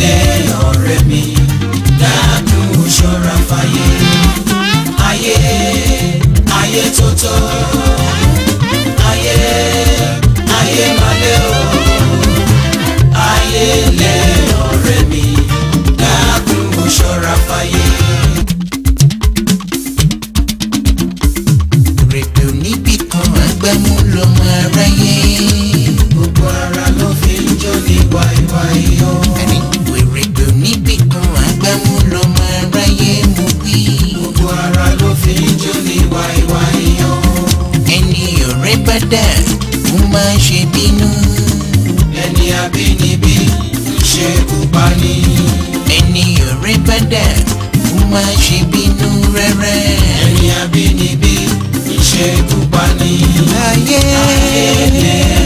tẹ̀lé ọ̀rẹ́ mi dákun ṣọ́ra fáyé ayé ayé tó tọ́ ayé ayé malẹ́ o ayé lẹ́ ọ̀rẹ́ mi dákun ṣọ́ra fáyé. rèdò níbi kan agbámú lọ́mọ aráyé gbogbo ara ló fi ń jó ní wáíwáí o. bínú. ẹni abínibí ṣe kò bá ní. ẹni ọ̀rẹ́ bá dà ó máa ṣe bínú rárá. ẹni abínibí ṣe kò ayé ayé.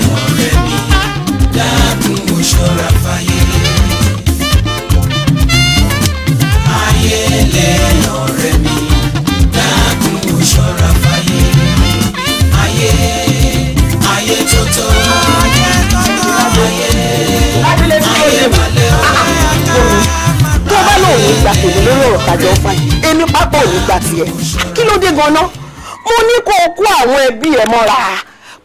àtàjọ fáìn èmi pápá ò ní gba tiẹ̀ kí ló dé gan mo ní kó o kó àwọn ẹbí ẹ mọ́ra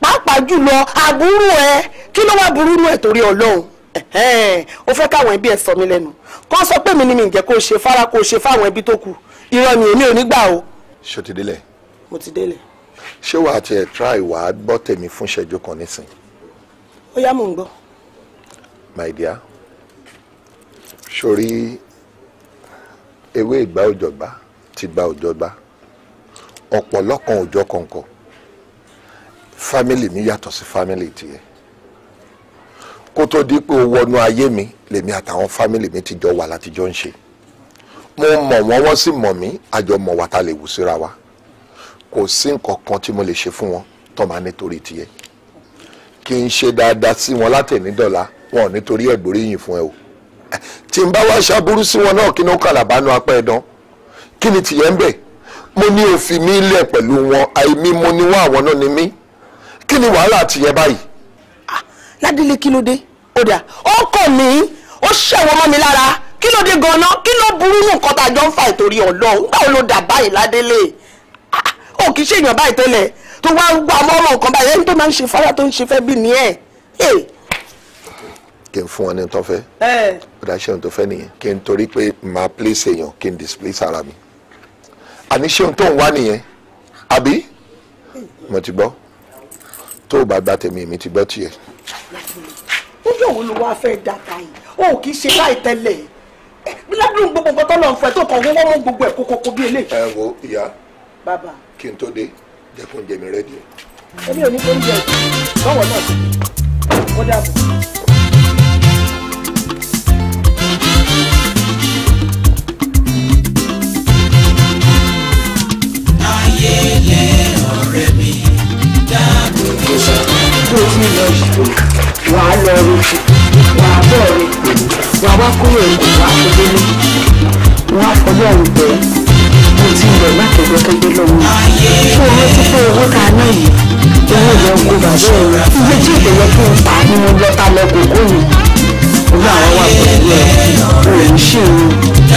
pàápàá jùlọ àbúrò ẹ kí ló wá burú nú ẹ torí Ọlọ́run o fẹ́ káwọn ẹbí ẹ sọ mí lẹ́nu kọ́ sọ pé mi ni mi ǹjẹ́ kó o ṣe fara kó o ṣe fáwọn ẹbí tó kù irọ́ ni èmi ò ní gbà o. ṣé o ti délẹ̀. mo ti délẹ̀. ṣé wàá tiẹ̀ try wàá gbọ́ tèmi fún ìṣẹ́jú kan nísìn. ó yá mò my dear sori ewé ìgbà òjọ̀gbá ti gba òjọ̀gbá ọ̀pọ̀lọ́kan òjọ́ kọ̀ọ̀kan fámìlì mi yàtọ̀ sí fámìlì tiẹ̀ kó tó di pé o wọnú ayé mi lèmi àtàwọn fámìlì mi ti jọ wà látijọ́ ń ṣe mo mọ̀ wọ́n wọ́n sì mọ̀ mí àjọ mọ̀ wàtá lè wù síra wa kò sí nǹkan kan tí mo lè ṣe fún wọn tó máa nítorí tiẹ̀ kí n ṣe dáadáa sí wọn látẹ̀nídọ́là wọn ò nítorí ẹ̀gbóríyìn fún ẹ o tí n bá wá ṣàbúrú sí wọn náà kí ni ó kàlàbà nu apá ẹ̀dán kí ni tìyẹn ń bẹ̀ mo ní òfin mi lẹ̀ pẹ̀lú wọn àìmí mo ní wọn àwọn náà ni mí kí ni wàhálà tìyẹn báyìí. Ah, ládìlé kí ló dé ó dà ó kàn mí ó ṣẹ̀wọ̀n mọ́ mi lára kí ló dé gan kí ló burú nù nǹkan tá a jọ ń fa ìtorí ọlọ́run nígbà wo ló dà báyìí ládélé ah, ó kì í ṣèyàn báyìí tẹ́lẹ̀ tó wá wà mọ́ ọ̀rọ̀ nǹkan báyìí ẹni tó máa ń ṣe fáwọn tó ń ṣe fẹ́ bí ni kí n fún wọn ní tọ́fẹ́ production tó fẹ́ nìyẹn kí n torí pé màá place èèyàn kí n displace ara mi àní ṣé ohun tó ń wá nìyẹn àbí mo ti gbọ́ tó o bá gba tèmi mi ti gbọ́ tiẹ̀. nígbà wo ló wáá fẹ́ dàtà yìí o ò kì í ṣe láì tẹ́lẹ̀ bíládùn gbogbo nǹkan tó lọ ń fẹ́ tó kàn wọ́n mú gbogbo ẹ̀ kókókó bí eléyìí. ẹ wo ìyá bàbá kí n tó dé jẹ́ kó ń jẹ mi rẹ́díò. èmi ò ní kó ń jẹ báwo ìdìbò wà á lọ rí ti wà á bọ̀ rí wà á wá kúrò ìdìbò wà á fojú lé wà á fọlọ́ ọ̀rùn bẹ̀ mo ti ń bọ̀ látọ̀gbọ́ kẹgbẹ́ lọ́wọ́ fún owó tí fún owó tá a ná yìí owó yẹn kó bàjẹ́ rẹ̀ iye tí èdè yẹn fún pa ni mo lọ ta lọ kókó mi orí àwọn wà pẹ̀lú ẹ̀ òun ṣì ń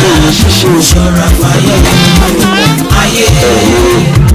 òun ṣiṣẹ́ òun. ayé ayé.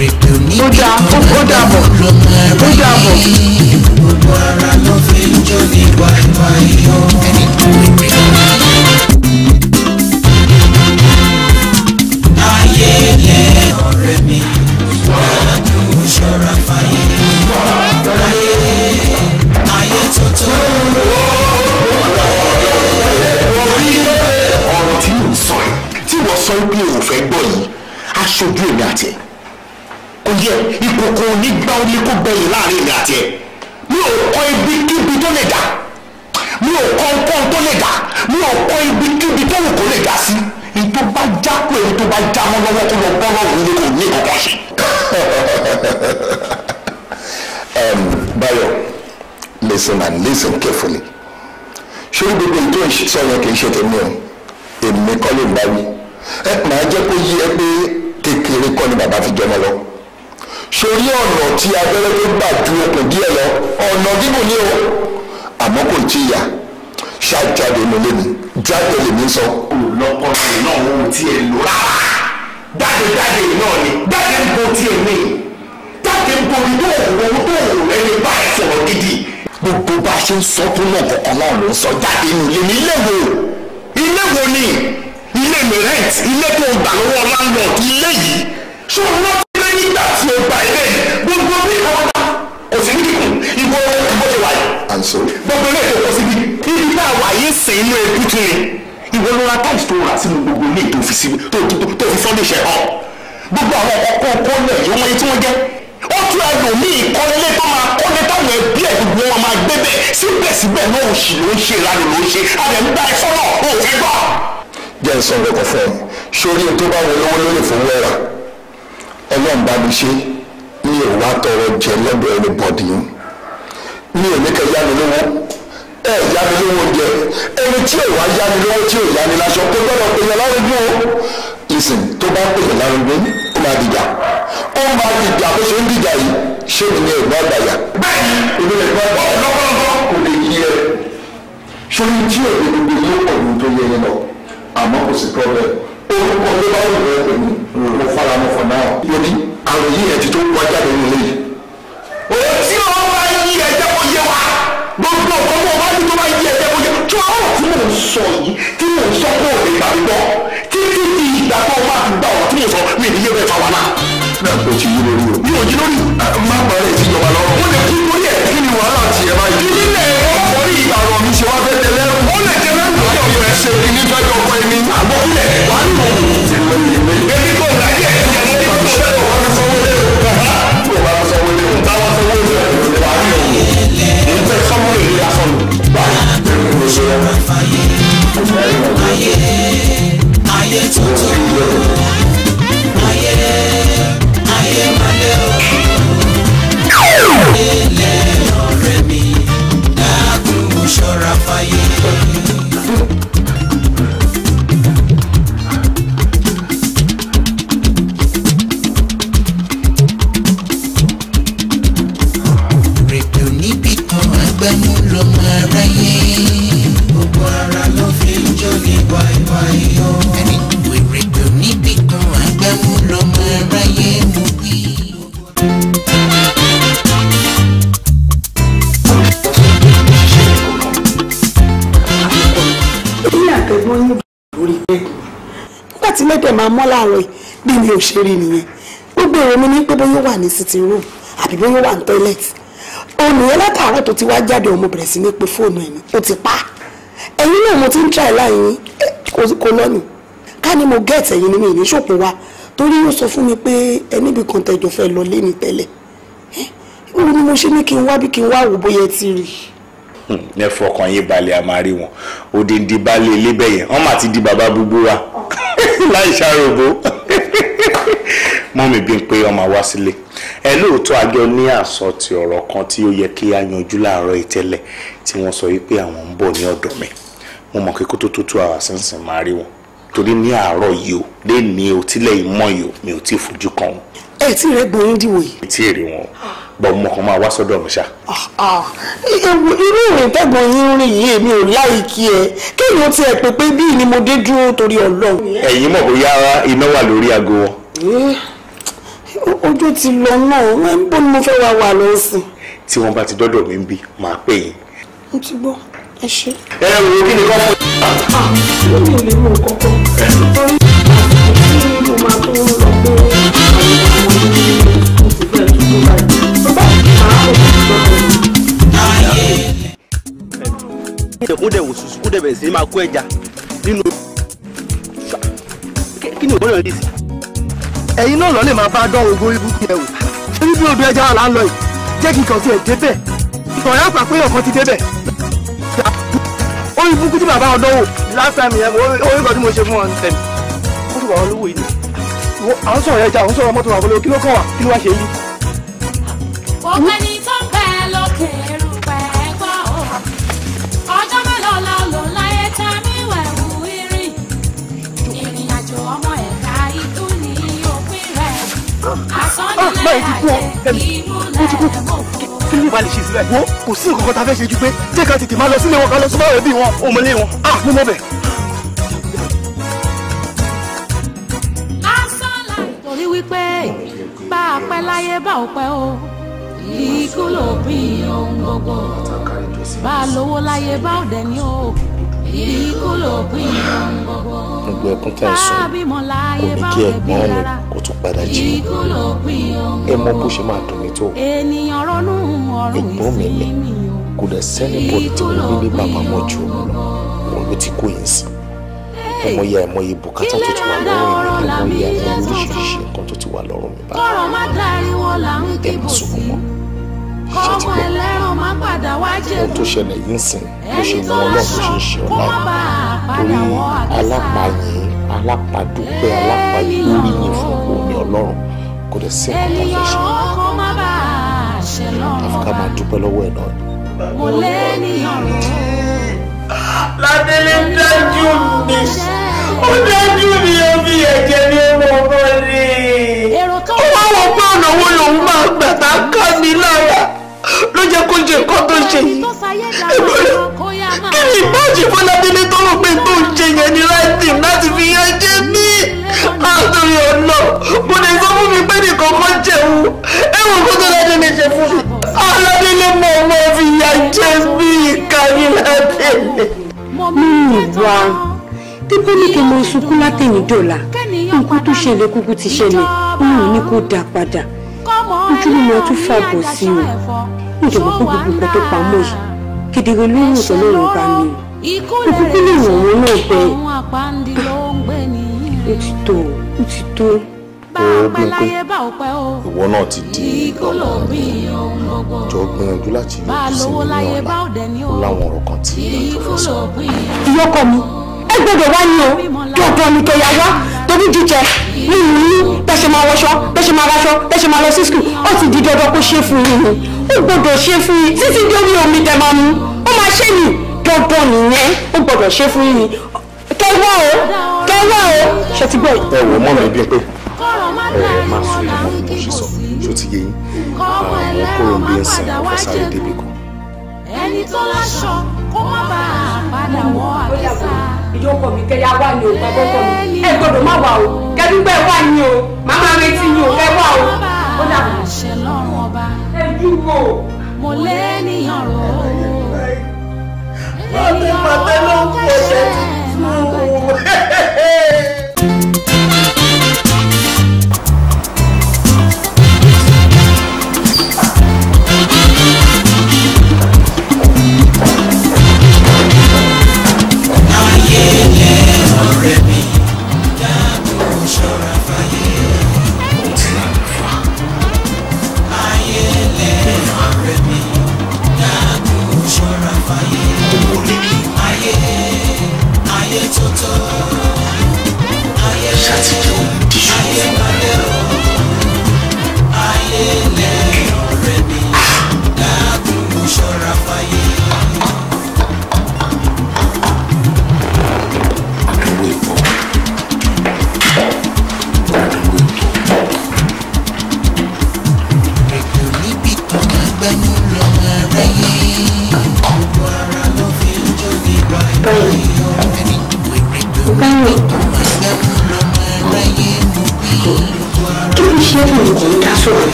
ó dáa ó dáa bọ̀ ó dáa bọ̀. gbogbo ara ló fi ń jó ní wáíwáí o. ayẹyẹ ọ̀rẹ́ mi wàá dùn ṣọ́ra fàyè ayé ayé tuntun. sọ pé o fẹ́ gbọ́ yìí aṣojú èmi àti ẹ̀ díẹ̀ ìkòkò onígbà omi kò láàrin èmi àti ẹ̀ mi ò kọ́ ibi kíbi tó lè dà mi ò kọ́ nǹkan tó lè dà mi ò kọ́ ibi kíbi tó wù kó lè dà sí ní bá já pé ní bá já mọ́ lọ́wọ́ kó lọ bọ́ lọ́wọ́ ní kò ní kankan ṣe. Báyọ̀ listen and listen carefully ṣé gbogbo ètò ìṣẹ́yẹ kì í ṣe tèmi o èmi kọ́ ló ń bá wí ẹ máa jẹ́ kó yí ẹ pé kékeré kọ́ ni bàbá fi jọmọ lọ sórí ọ̀nà tí abẹ́rẹ́ tó gbà ju okùn díẹ̀ lọ ọ̀nà gígùn ni o àmọ́ kò tí ì yá ṣáàjáde mi lé mi jáde lè mi sọ. olùlọ́kọ̀ọ́sẹ̀ náà wọn ò tiẹ̀ lò rárá dáadáadáa náà ni dáadáa ń bo tiẹ̀ ní dáadáa ń borí tó òun tó òun ẹni bá ẹ sọ̀rọ̀ gidi. gbogbo bá a ṣe ń sọ fún náà kọ̀ọ̀kan náà ló ń sọ jáde nù lé ní ilé wo ilé wo ni ilé mi rent ilé tó gbà lọ́wọ́ landlord ilé yìí ṣé o rántí lẹ́yìn ìgbà tí o ń ṣe. gbogbo ilé ètò kò síbi ibi tá a wà yìí sìn inú ekutu ni ìwọ ló ra tiles tó rà sínú gbogbo ilé ètò òfìsí tó tó fi fọ́ndé ṣẹ̀ hàn gbogbo àwọn ọkọ̀ ọkọ̀ lẹ̀ yìí wọ́n yẹ tí wọ́n jẹ́ ó tún ẹlòmíì kọ́lé tó máa kọ́lé táwọn ẹbí ẹ̀ gbogbo wọn máa gbé bẹ́ẹ̀ síbẹ̀síbẹ̀ náà òṣì ló ń ṣe ìlànà ló ń ṣe àbẹ̀ ń gba ẹ̀fọ́ náà ò fẹ́ gbọ́. jẹ́ ń sọ ọ̀rọ̀ fún ẹ sórí tó bá wọlé wọn ló lè fún wẹ́rà ọlọ́run bá mi ṣe ní ìwà tọrọ jẹ lọ́dọ̀ ẹni bọ̀dì yìí mi ò ní kẹ́ yá mi lówó ẹ yá mi lówó oúnjẹ ẹni tí ò wá yá mi lówó tí ò yá mi láṣọ kó gbọ́dọ̀ pèyàn lárúgbó ìsìn tó bá pèyàn lárúgbó ó máa dìjà ó máa dìjà bó ṣe ń dìjà yìí ṣé mi ní ẹ̀gbọ́n àgbàyà. bẹ́ẹ̀ni èmi lè gbọ́ ọ lọ́kọ́lọ́kọ́ kò lè yí ẹ ṣé ní tí ò lè gbogbo yóò pọ̀ ju tó yẹ yẹn lọ àmọ́ kò sí pọ́blẹ̀ orúkọ tó bá wù ẹ́ pẹ̀lú mo fara mo fọ̀ náà. mo ní àròyé yí ẹjẹ́ kó yé wa gbogbo nǹkan tó o ní tó bá yí ẹjẹ́ kó yé tó àwọn tí mò ń sọ yìí tí mò ń sọ kó o lè gbà mí gbọ́ títí di ìgbà tó o máa fi gba ọ̀rọ̀ tí mò ń sọ mi ní yé bẹ́ẹ̀ fa wa náà. náà kò tí yí lórí o. mi ò yí lórí. má bàárẹ̀ ìjọba lọ́wọ́. ó lè kú lórí ẹ̀ kí ni wàhálà tiẹ̀ máa yí. ilé ẹ̀ orí àrọ̀ mi ṣe wá fẹ́ tẹ́lẹ̀ rú. ó lè tẹ́lẹ̀ ayé ayé tuntun. máa mọ́ láàárọ̀ yìí bí mi ò ṣe rí nìyẹn gbogbo èrò mi ní pé bóyá ó wà ní sitting room àbí bóyá wà ní toilet olùyẹn látàárọ̀ tó ti wá jáde ọmọ bẹ̀rẹ̀ sí ní pe fóònù ẹ̀ ní ó ti pa ẹ̀yin náà mo ti ń try láyìn kò lọ́nù ká ní mo get ẹ̀yin ní mi ní ṣòpò wa torí yóò sọ fún mi pé ẹ níbi kan tẹjọ fẹ́ lọ lé ní tẹ́lẹ̀ ó ní mo ṣe ní kí n wá bí kí n wá wò bóyá ẹ ti rí i hmm, ẹ fọkàn yín balẹ̀ a máa rí wọn òdìndín balẹ̀ ilé bẹ́yẹn wọ́n mà ti di bàbá gbogbo wa láì ṣàròbó mọ́mì bí n pé ọmọ wá sílé ẹ lóòótọ́ àjọ ní àsọ ti ọ̀rọ̀ kan tí ó yẹ kí a yanjú láàárọ̀ ìtẹ́lẹ̀ tí wọ́n sọ wípé àwọn ń bọ̀ ní ọ̀dọ̀ mi mo mọ̀ pé tó tó tó àwà sínsìn máa rí wọn torí ní àárọ̀ yìí o lé ní o tílẹ̀ yìí o mi ò tí ì fojú kan wọn ẹ tí rẹ gbòòyìn dìwò yìí. tí èrè wọn bọ mo kàn máa wá sọ́dọ̀ mi ṣá. Ah, ah, ewu irú ìrìn tẹ́gbọ̀n yín rìn yìí èmi ò láìkí ẹ kéèyàn ti ẹ̀ pé pé bíi ni mo dé dúró torí ọlọ́run. ẹ̀yin mọ̀ bóyá iná wà lórí aago wọn. Eh, ojú ti lọ náà bó ni mo fẹ́ wá wà lọ sìn. tí wọ́n bá ti dọ́dọ̀ mi ń bí màá pè yín. mo ti gbọ́ ẹ ṣe. ẹ wò kí ni kọ́kọ́. mi ò lè mú kọ́kọ́ torí mo máa tó ń lọ. kún dẹ̀ wò sùsù kún dẹ̀ bẹ̀rẹ̀ sí máa kó ẹja nínú kí ni ìwọ́n yàn dì sí. ẹ̀yin náà lọ lè máa bá dán ogun ibú yẹn wò ṣébí bí odò ẹja wà là yìí jẹ́ kí n kàn sí ẹ̀ débẹ̀ ìtọ̀rẹ́ àpà pé ọ̀kan ti débẹ̀. orí burúkú tí bàbá ọdọ́ wò last time yẹn orí kan tí mo ṣe fún wọn ní tẹ̀lé. ó ti wà wọn lówó yìí ni. à ń sọ̀rọ̀ ẹja à ń sọ̀rọ̀ mọ́tò àbọ̀lẹ̀ kí ọ̀gbẹ́ni tó ń bẹ lókè erùpẹ̀ gbọ́ ò ọjọ́ mélòó la lò láyé tá a mi wẹ̀wù irí ìrìn àjò ọmọ ẹ̀ka ikú ní òpin rẹ̀ àsọ̀nilẹ̀ ah, àjẹ́ inú lẹ̀ mọ̀fọ́. kí ni ìbálẹ̀ ṣe sílẹ̀. wo kò sí nǹkan kan tá a fẹ́ ṣe ju pé jẹ́ ká tètè máa lọ sílé wọn ká lọ sọ́mọ́ ẹbí wọn òmùlé wọn. a ah, ní mọ̀ bẹ́ẹ̀. torí wípé bá a pẹ́ láyé bá ò pẹ́ o ikú ló bí ohun gbogbo bá a lówó láyé bá ọ̀dẹ̀ ní o ikú ló bí ohun gbogbo gbogbo ẹkún tẹ̀ ń sọ kò ní kí ẹ̀gbọ́n mi kó tún padà jí ẹ mọ bó ṣe máa dùn mí tó ẹ̀gbọ́n mi ni kò dẹ̀ sẹ́ni bọ́ọ̀lù tí mo ní ní bàbá mọ́ ju òun lọ òun ló ti kó yín sí ọmọ ìyá ẹ̀mọ iye bùkátà tó ti wà lọ́rùn mi ọmọ ìyá ẹ̀mọ oríṣiríṣi nǹkan tó ti wà lọ́rùn mi báyìí ẹ̀mọ sọkún mọ́ kọ́mọ ẹlẹ́ran má padà wá jẹ̀dú. ohun tó ṣẹlẹ̀ yìí ń sìn ló ṣe mọ ọlọ́run ṣe ń ṣe ọ̀la torí alápàyìn alápàdúpẹ́ alápàyìn lórí yìí fún omi ọlọ́run kò dẹ̀ sí ẹ̀kọ́ tó fẹ́ ṣe. àfikà máa dúpẹ́ lọ́wọ́ ẹ̀ náà. mo lé ènìyàn rẹ̀. ládélé dájú mi ó dájú mi ó fi ẹ̀jẹ̀ ní ọmọ ọmọ rẹ̀. ó wá wọ pé ọ̀nà wo lòun máa gbà tá a kàn mí lára ló jẹ́ kó ṣe nǹkan tó ṣe yìí kí ni ìbájì fọlábílẹ̀ tó rò pé tó ń ṣe yẹn ní láìpẹ́ láti fi yẹn jẹ́ mí látòrí ọ̀nà mo lè sọ fún mi pé nìkan kan jẹun ẹ̀wọ̀n kó tó lọ́dún lè ṣe fún mi alábílẹ̀ mọ̀ ọmọ fi yà jẹ́ mí ìkàrí látẹ̀lẹ̀. mi ì hmm, wá dípò ní kí n mọ sunkún látẹ̀yìn dọ̀la nǹkan tó ṣẹlẹ̀ kúkú ti ṣẹlẹ̀ òun ní kó dá padà ojú mi ọtún fàbọ sí o níjọba kó gbogbo nǹkan tó pamọ́ yìí kedere lórí ọ̀tọ̀ lọ́rùn bá mi òkú kí lè ràn wọn náà bẹ ó ti tó ó ti tó. ó pé ìwọ náà ti di ọmọ jọ gbìyànjú láti yọjú sí mi ọ̀la láwọn ọ̀rọ̀ kan tí ìdájọ́ fẹ́ sọ. ìyọkọ mi gbọ́dọ̀ wá ní o dọ̀dọ̀ ni kẹ̀yà wá torí jíjẹ nínú yín tẹ̀sẹ̀ máa wọṣọ tẹ̀sẹ̀ máa raṣọ tẹ̀sẹ̀ máa lọ sí skul ó ti di dọ̀dọ̀ kó ṣe fún yín ni ó gbọ́dọ̀ ṣe fún yín títí dé orí omi tẹ̀ máa mu ó máa ṣe ní dọ̀dọ̀ nìyẹn ó gbọ́dọ̀ ṣe fún yín ni kẹwà o kẹwà o ṣe ti gbọ́. ẹ wò mọ́nà ibi pé ẹ máa sọ ìmọ̀ mo ṣe sọ ṣó ti yé yín àwọn kóró bí ń sìn ọ̀fẹ́ sáré débi ẹni tó láṣọ kó má bàa padà wọ àkísà ìjókòó mi kẹ́yà wà ní òkú àkọ́kọ́ mi ẹ gbọ́dọ̀ má wà o kẹ́bí wà ní o màmá retí yín o ẹ wà o. ó dàbí àṣẹ lọ́rùn ọba ẹ dúró. mo lé níyàn rò ó. wọ́n ti pàtẹ́ ló ń kó ẹsẹ̀ tuntun.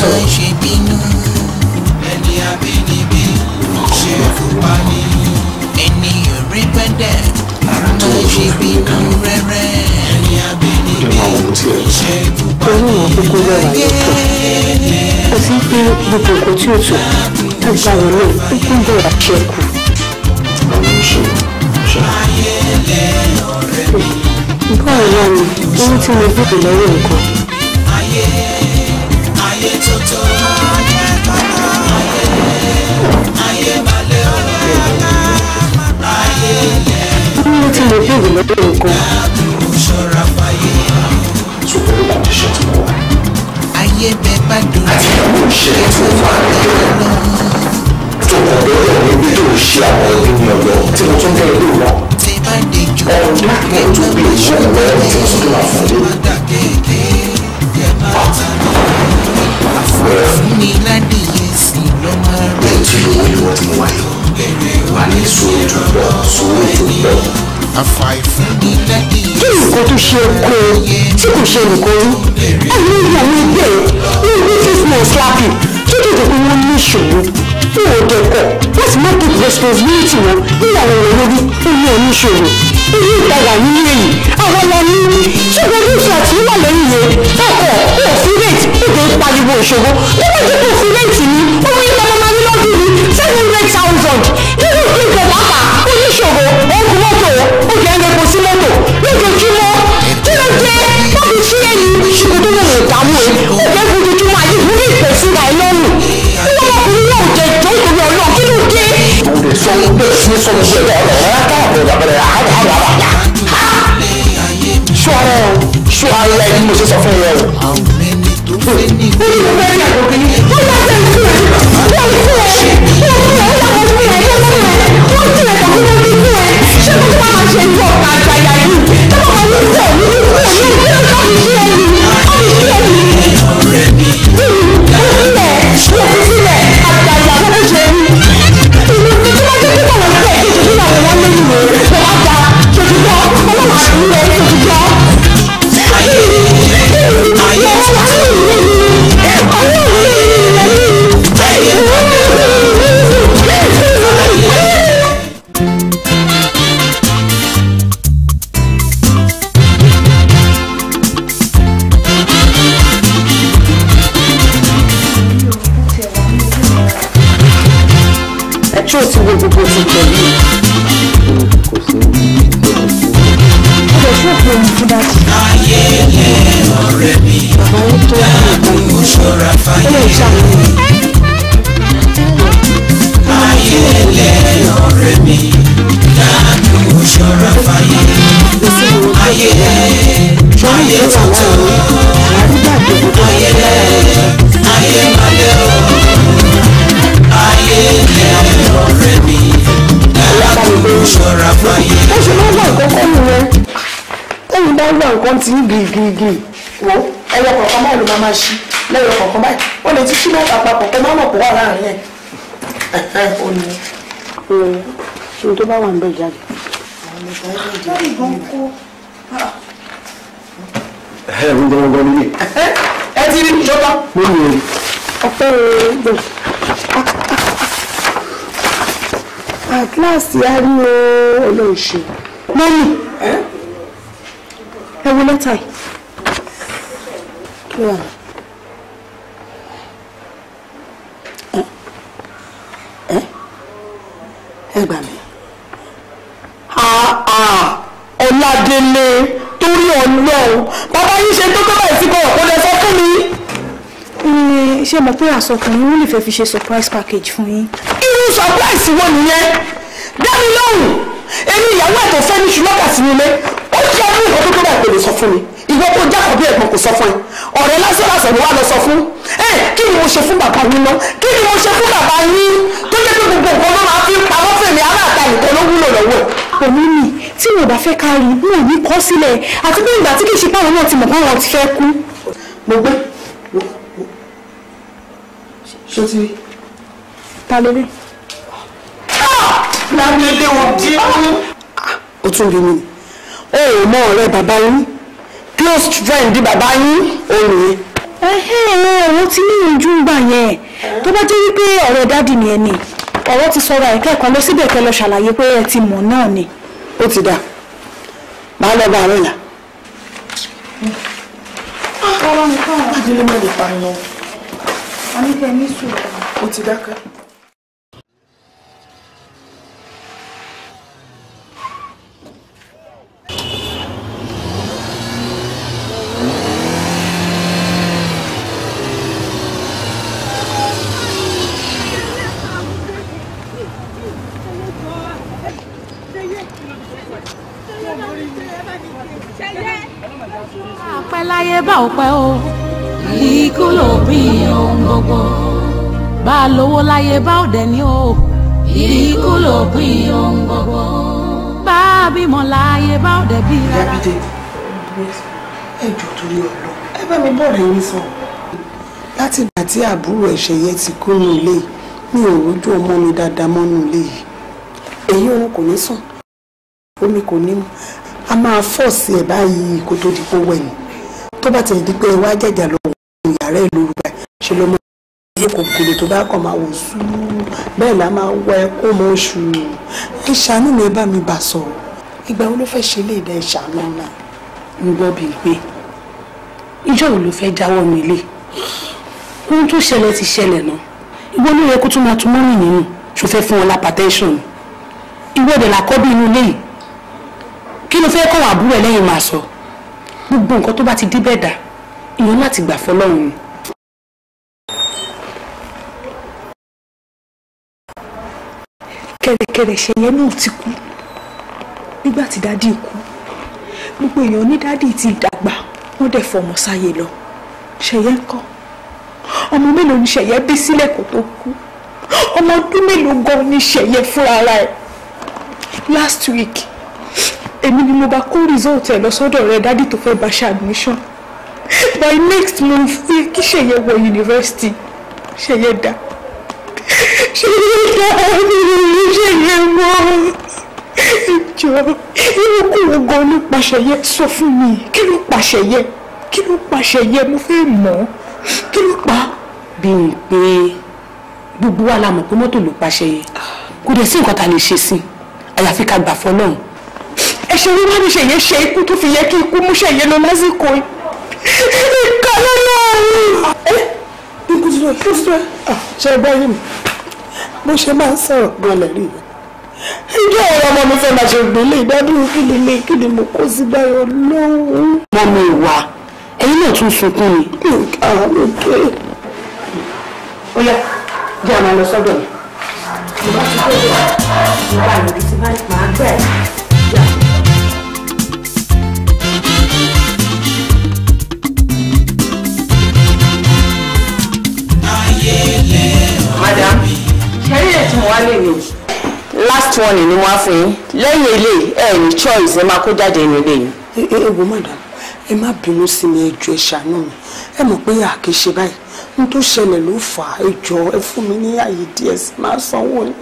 sọ̀rọ̀. ṣe bínú ẹni abínibí ṣe fúnpa ní. ẹni òrí pẹ́ndẹ̀ tó ṣe bínú rẹ́rẹ́. ẹni abínibí ṣe fúnpa ní. olú wọn kúkú rẹwà lọ́tọ̀ kò sí pé gbogbo nǹkan tí ó tó tó gbà wọn lóyún ó kún bẹ̀rẹ̀ àṣẹ kù. báwo wá ni owó tí mo gbèdè lọ́wọ́ nǹkan ayé tuntun ayé tọ́lá ayé ayé balẹ̀ ọ̀la ayé lẹ̀ ẹ̀ẹ́dù ṣọ́ra fàyè. ayé bẹ bá dùn kí ẹ fún wa lẹ́yìn náà ọ̀dọ́ rẹ̀ níbi tó ń ṣe àwọn ọdún ọ̀dọ́ tí mo tún bẹ̀rẹ̀ lò wọ́n. ọ̀dọ́ kan tó gbé ìṣòro rẹ̀ tó tún máa fún mi fún mi ládìyẹ sí ló máa rẹ̀. bẹ́ẹ̀ tí owó ni wọ́n ti mú wáyé wà ní sùúrù tó pọ̀ sùúrù tó pọ̀. àfàì fún mi ládìyẹ. kí nǹkan tó ṣe kó o tí kò ṣe nìkan rí àwọn ìyàwó ẹgbẹ́ ní ilé business lápì tó dìde pé wọ́n ní ìṣòro fún òde ẹ̀kọ́ láti má put responsibility wọn níyàwó rẹ̀ lórí ó ní ẹ̀ ní ìṣòro irú ìtawà nínú èyí àwọn ọmọ mi ṣùgbọ́n ojú ìfẹ́ àti wà lórí rẹ̀ ọkọ̀ kò fi rèétì kò tó pariwo ìṣòro tó bá jẹ́ kò fi rèétì ni owó ilé ọmọ máa ní lọ́dún ní seven hundred thousand nínú ìpínlẹ̀ pápá oníṣòro oògùn mọ́tò oògùn ẹ̀rẹ́pọ̀ sí mọ́tò lójoojúmọ́ kí ló dé wọ́n fi ṣí ẹ̀yìn ṣùgbọ́n tó wọ̀ 你送必須送出我嚟啦，加入入嚟啦，考考下啦。Ṣọ́ra o, ṣọ́ra lẹ ní mo ṣe sọ fún yẹn o. Ó ní mo fẹ́ ní àgbo kìíní. Ó yà sẹ́ ìfún ẹ̀, ó Beijo de ẹ ò ní. tó bá wà ń jáde. ẹ ẹ oúnjẹ wọn nílé. ẹ ti rí ìjọba. mo lè rí. ọpẹ́ rẹ̀ at last rí o olóòṣù. mọ́mí ẹ wo lẹ́tà yìí. kí délé torí ọlọ́run bàbá yìí ṣe tó tó báyìí sí kọ́ ọ̀pọ̀ lẹ sọ fún mi. ṣé mo pé àsọkùnrin wọn lè fẹ́ fi ṣe surprise package fún yín. irú surprise wo nìyẹn dá mi lóhùn èmi ìyàwó ẹ̀ tó fẹ́ ní ṣùgbọ́n kàsí nílé ó ṣe ọdún ìwọ tó tó báyìí kò lè sọ fún mi ìwọ kó jákòó bí ẹ̀gbọ́n kò sọ fún ẹ ọ̀rẹ́ lásán lásán ló wá lọ sọ fún ẹ kí ni mo ṣe fún bàbá mi lọ kí ni mo ṣe fún bàbá yín tó jẹ́ pé gbogbo nǹkan ló máa fi pamọ́ fèmí aláàtà nìkan ló wúlò lọ́wọ́ òní nìyí tí wọn bá fẹ́ ká rí wọn ò ní kọ́ sílẹ̀ àti pé ìgbà tí kì í ṣe páwọn náà ti mọ̀ páwọn ti fẹ́ kú. mo gbé ṣó ti rí. ta ló rí. lábẹ́lẹ́ ò dín mú. ó tún bí mi o ò mọ ọ̀rẹ́ bàbá yín close friend bàbá yín òun yẹn. ẹ̀hẹ́n ti ní ìjú gbà yẹn tó bá jẹ́ wípé ọ̀rẹ́ dáàdì ni ẹni ọ̀rọ̀ ti sọ̀rọ̀ àìkẹ́kọ̀ọ́ lọ síbẹ̀ kẹ́ lọ ṣàlàyé pé ẹ ti mọ̀ náà ni ó ti dà máa lọ bá àárọ̀ yà. ọlọ́run káwọn ajílẹ̀ mọ́ lè pa iná. a ní kẹ́ ẹ ní sùúrù ó ti dákẹ́. láyé bá ò pẹ́ o. ikú ló bí ohun gbogbo. bá a lówó láyé bá ò dẹ̀ ní o. ikú ló bí ohun gbogbo. bá a bímọ láyé bá ò dẹ̀ bí rárá. ẹ jọ torí ọlọ ẹ bá mi bọ̀rẹ̀ yín sọ. láti ìgbà tí àbúrò ẹ̀ṣẹ̀ yẹn ti kú ní ilé mi ò rójú ọmọ mi dáadáa mọ́nú ilé yìí èyí òun kò ní sùn omi kò ní mu a máa fọ́ sí ẹ̀ báyìí kó tó di pé wẹ̀ ni tó bá ti di pé wá jẹ̀jà lóhùn yàrá ìlú rúbà ṣe ló máa ń kó tó bá kàn máa wò sùn bẹ́ẹ̀ là máa wọ ẹ kó oṣù ẹ ṣàánú mi bá mi bà sọ̀rọ̀ ìgbà wo ló fẹ́ ṣe lè dẹ ṣàánú náà ń gbọ́ bíi pé ìjọ wo ló fẹ́ jáwọ́ mi lé ohun tó ṣẹlẹ̀ ti ṣẹlẹ̀ náà ìwọ ló yẹ kó tún máa tún mọ́mì nínú ṣò fẹ́ fún wọn lápá ìwọ ìdẹ̀là kọ́ bí inú ilé kí ló fẹ́ kọ́ wà búrẹ̀ lẹ́yìn máa sọ gbogbo nǹkan tó bá ti débẹ̀ dá ìyẹn láti gbà fọlọ́run ni. kẹ̀rẹ̀kẹ̀rẹ̀ ṣẹyẹ náà ti kú nígbà tí dádì kú gbogbo èèyàn ní dádì ti dàgbà wọ́n dẹ̀ fọmọ sáyé lọ ṣẹyẹ ń kọ́ ọmọ mélòó ni ṣẹyẹ bí sílẹ̀ kó tó kú ọmọ ọdún mélòó gan ni ṣẹyẹ fúnra rẹ̀ last week èmi ni mo bá kó result ẹ̀ lọ́sọ́dọ̀ rẹ dádì tó fẹ́ bá ṣe admission by next month kí ṣèyẹ wọ yunifásitì ṣèyẹ dá ṣèyẹ dá nínú ṣèyẹ wọ ìjọ irú kò wọ́n gan nípa ṣèyẹ sọ fún mi kí ló pa ṣèyẹ kí ló pa ṣèyẹ mo fẹ́ mọ̀ kí ló pa. bí n pé gbogbo wa la mọ̀ pé mọ́tò ló pa ṣèyẹ kò dẹ̀ sí nǹkan tá a lè ṣe sí i àyàfi ká gbà fọlọ́run ẹ ṣe wíwá ní ṣèyẹ ṣe ikú tó fi yẹ kí ikú mú ṣèyẹ lọ lásìkò ìka lọ́nà ọ̀run. ẹ ikú ti lọ ikú ti lọ ah, ṣe bá yín bó ṣe máa ń sọ̀rọ̀ gbọ́lẹ̀ rí i ìjọ ọ̀rọ̀ ọmọ mi fẹ́ máa ṣe gbélé ìdádúró kí ni ilé kí ni mo kó sí báyọ̀ lóhùn. ọmọ mi wà ẹ̀yin náà tún sunkún ni. àwọn òkè. ó yá jẹ́ àmà lọ sọ́dọ̀ mi. mo bá ti kó o lọ bá a máa gbà ẹ́. E. wá mi. last one ni wọ́n á fún yín lẹ́yìn ilé ẹ ní choice ẹ máa kó jáde ní ilé yìí. ẹ ẹ wo madam ẹ má bínú sí mi ẹ ẹ ṣàánú mi ẹ mọ̀ pé a kì í ṣe báyìí n tó ṣẹlẹ̀ ló fà á ẹ jọ̀ọ́ ẹ fún mi ní àyè díẹ̀ sí máa sanwó ni.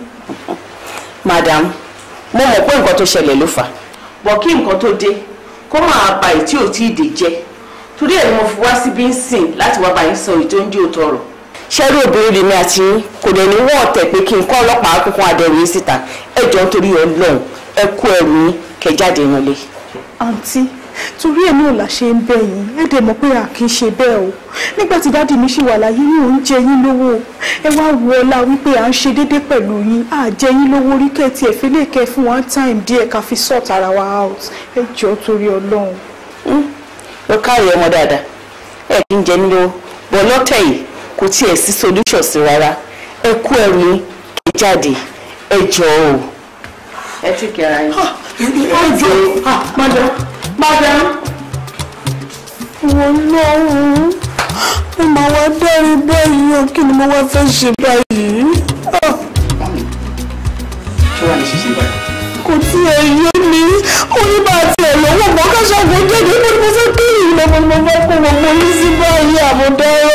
madam mo mọ̀ pé nǹkan tó ṣẹlẹ̀ ló fà á bọ̀ kí nǹkan tó dé kó máa ba ètí ò tí ì dè jẹ torí ẹ̀ ni mo fi wá síbí ń sìn láti wá báyìí sọ èyí tó rọ̀ ṣẹ́rí obìnrin lèmi àti yín kò dẹ̀ ní wọ́n ọ̀tẹ̀ pé kí n kọ́ ọlọ́pàá akókó adẹ̀rù yín síta ẹ jọ nítorí ọlọ́run ẹ kó ẹrù yín kẹ́ jáde yan lé. àǹtí torí èmi ò là ṣe ń bẹ yín ẹ mọ̀ pé a kì í ṣe bẹ́ẹ̀ o nígbà tí dáàdì mi ṣì wà láyé ní oúnjẹ yín lówó ẹ wá wo ọlá wípé à ń ṣe déédéé pẹ̀lú yín à jẹ yín lówó orí kẹ́ẹ̀tì ẹ̀fẹ́ lè kẹ́ fún one time díẹ̀ ká fi sort ara wa out ẹ jọ torí ọlọ́run. ó káàrí ọmọ dáadáa ẹ kì í jẹ mí lówó bọ̀ lọ́tẹ̀ yìí kò tiẹ̀ sí solution sí rárá ẹ kú ẹrù yín kí jáde ẹ jọ o. ẹ tún kí ara yín. ẹ jọ madam madam. wọ́n lọ́rùn mo máa wá dárí báyìí o kí ni mo wá fẹ́ ṣe báyìí. kò tiẹ̀ yé mi oníbà ni mo fẹ́ kó gbogbo yín sí báyìí àmúdáró.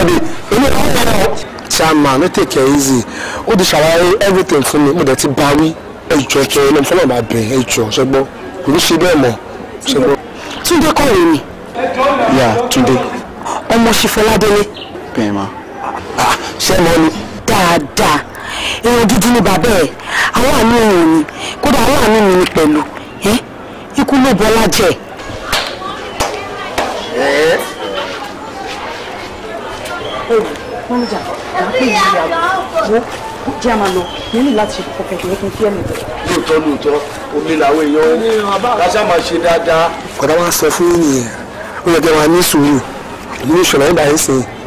Oh, chairman no take it easy ó ti ṣàlàyé everything fún mi mo dẹ̀ ti bá wí ẹjọ́ ẹjọ́ ẹlẹ́mi fọlọ́ máa bẹ̀ ẹjọ́ ṣẹgbọ́ kò ní ṣe bẹ́ẹ̀ mọ́ ṣẹgbọ́. túnde kọ́ rèé mi. yà túnde. ọmọ ṣìfọládélé. bẹ́ẹ̀ ma. Ah, ṣé mo ní. dáadáa èèyàn gidi ni bàbá ẹ̀ àwọn àánú èèyàn ni kódà àwọn àánú mi ni pẹ̀lú ikú ló bọlá jẹ. jẹ́ àmà lọ mo ní láti ṣe kọ̀kẹ́ kí wọ́n fi ẹ̀mí bẹ̀rẹ̀. lóòótọ́ lóòótọ́ omi làwọn èèyàn kásá máa ṣe dáadáa. kódà wá sọ fún yìnyín ó yẹ kí wọ́n á ní sùúrù ní ìṣòro ìgbà yìí sìn yìí.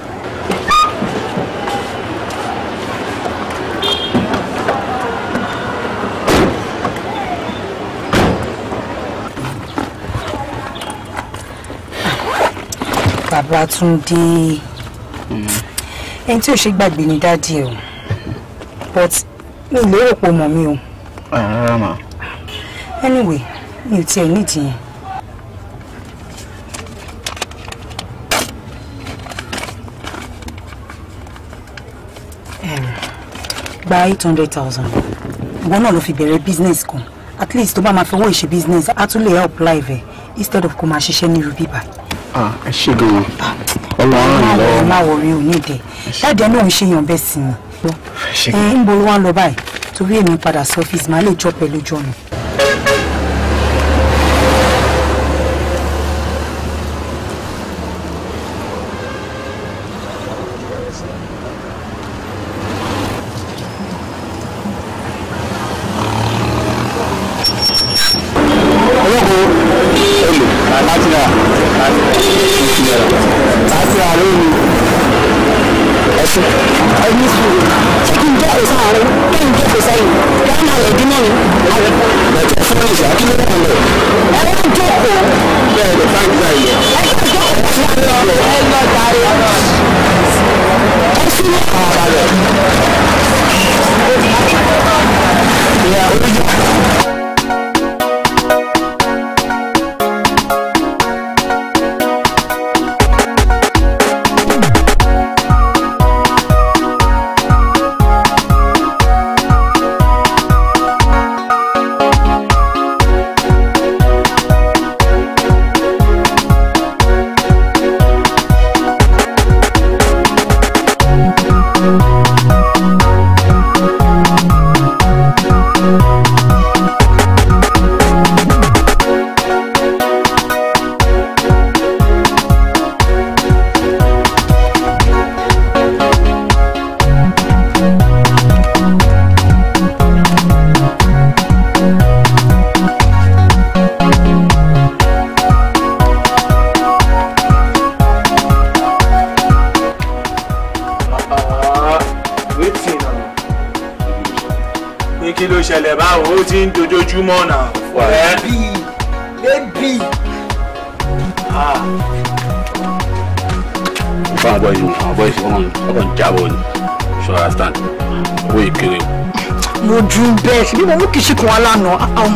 Babátúndé ẹni tí ò ṣe gbàgbé ni dáàdi o but mi lérò pé mọ̀ mi o. Ah, rárá mà. anyway mi ò tiẹ̀ nídìí yẹn. gba eight hundred thousand ìwọ náà ló fi bẹ̀rẹ̀ business kan at least tó bá máa fi owó ìṣe business á tún lè help live ẹ̀ instead of kó máa ṣiṣẹ́ ní irú bíbá. Ah, ẹ ṣe gan-an ọlọ́run ràn lọ́wọ́. ẹ má wọrí ò ní ìdẹ dáàdẹ náà ń ṣe yàn bẹ́ẹ̀ sí mi. ẹ ń bolo wa ń lọ báyìí torí èmi padà sí ọ́fíìsì máa lè jọ pẹ̀lú jọ̀nù.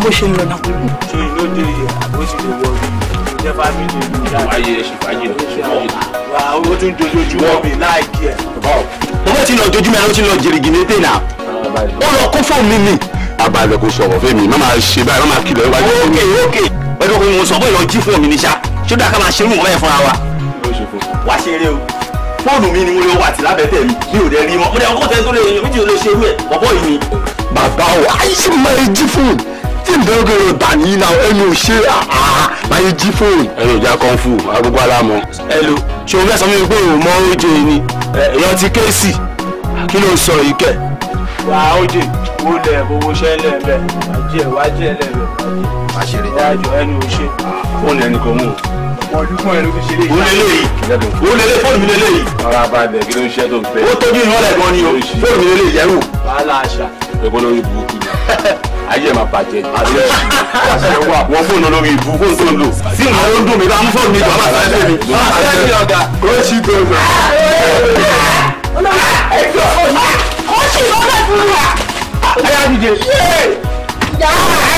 bó ṣe ń lọ náà. ṣé inú òde àbó sì lè wọ ibi ìjẹ fámìlì ìlú ìyá ayé ẹṣin fàájì ló ṣe wà á ó tún dojoojúmọ́ mi láìkí ẹ̀. mo bá ti lọ dojúmọ́ ẹ̀ ó ti lọ jèrègì ní tèlà ó lọ kó fóònù mi ni. abalẹ̀ kò sọ̀rọ̀ fẹ́mi má máa ṣe báyìí má máa kìlọ̀ iwájú fún mi. ókè ókè ẹ̀dùn kò ń sọ bóyá ọjí fún mi ní sá ṣó dáa ká máa ṣe irú mọ́ ẹ̀ fúnra wa. wá ṣe eré o fóònù mi ni mo lè wà tí lábẹ́ tẹ̀ mi mi ò dẹ̀ rí mọ́ mo dẹ̀ kọ́ tẹ́ tó lè méjì lè ṣe irú ẹ̀ bọ̀bọ̀ yìí ni. bàbá wa àìsí máa jí fóònù fifteen lọ́gọ̀rọ̀ gbà ní iná ẹnu ṣé àbáyé jí fóònù. ẹnu ìjà kan fún arúgbó alámọ. ẹlò ṣé o fẹ́ sọ fún mi pé o mọ oje ni èèyàn ti kéèsì kí ló ń sọ yìí kẹ. wà á oje wo lẹ owó ṣẹ lẹ bẹ wájú ẹ wájú ẹ lẹ bẹ wájú ẹ wájú ẹnu ṣe. fóònù ẹnì kan mú o ọdún fún ẹni tó ṣe léyìí. olè léyìí olè lé fóònù mi lé léyìí. ọ̀rọ̀ abalẹ̀ kí ló ń ṣe tó ń fẹ́. ó tójú ìrànlẹ̀ gan ni o fóònù mi lé léyìí ẹ̀rù. wàhálà àṣà. ẹ̀gbọ́n lórí burúkú ni ayé máa bàjẹ́ àṣẹ àṣẹ wà wọ́n fóònù lórí ìbú fóònù tó ń lò tí ìmọ̀ ń dùn mí bá fóònù mi bàbá sáré mi àṣẹ mi ọ̀gá kò sí gbogbo. ẹjọ́ ó sì fún wa. ọ̀gá dìde. mi.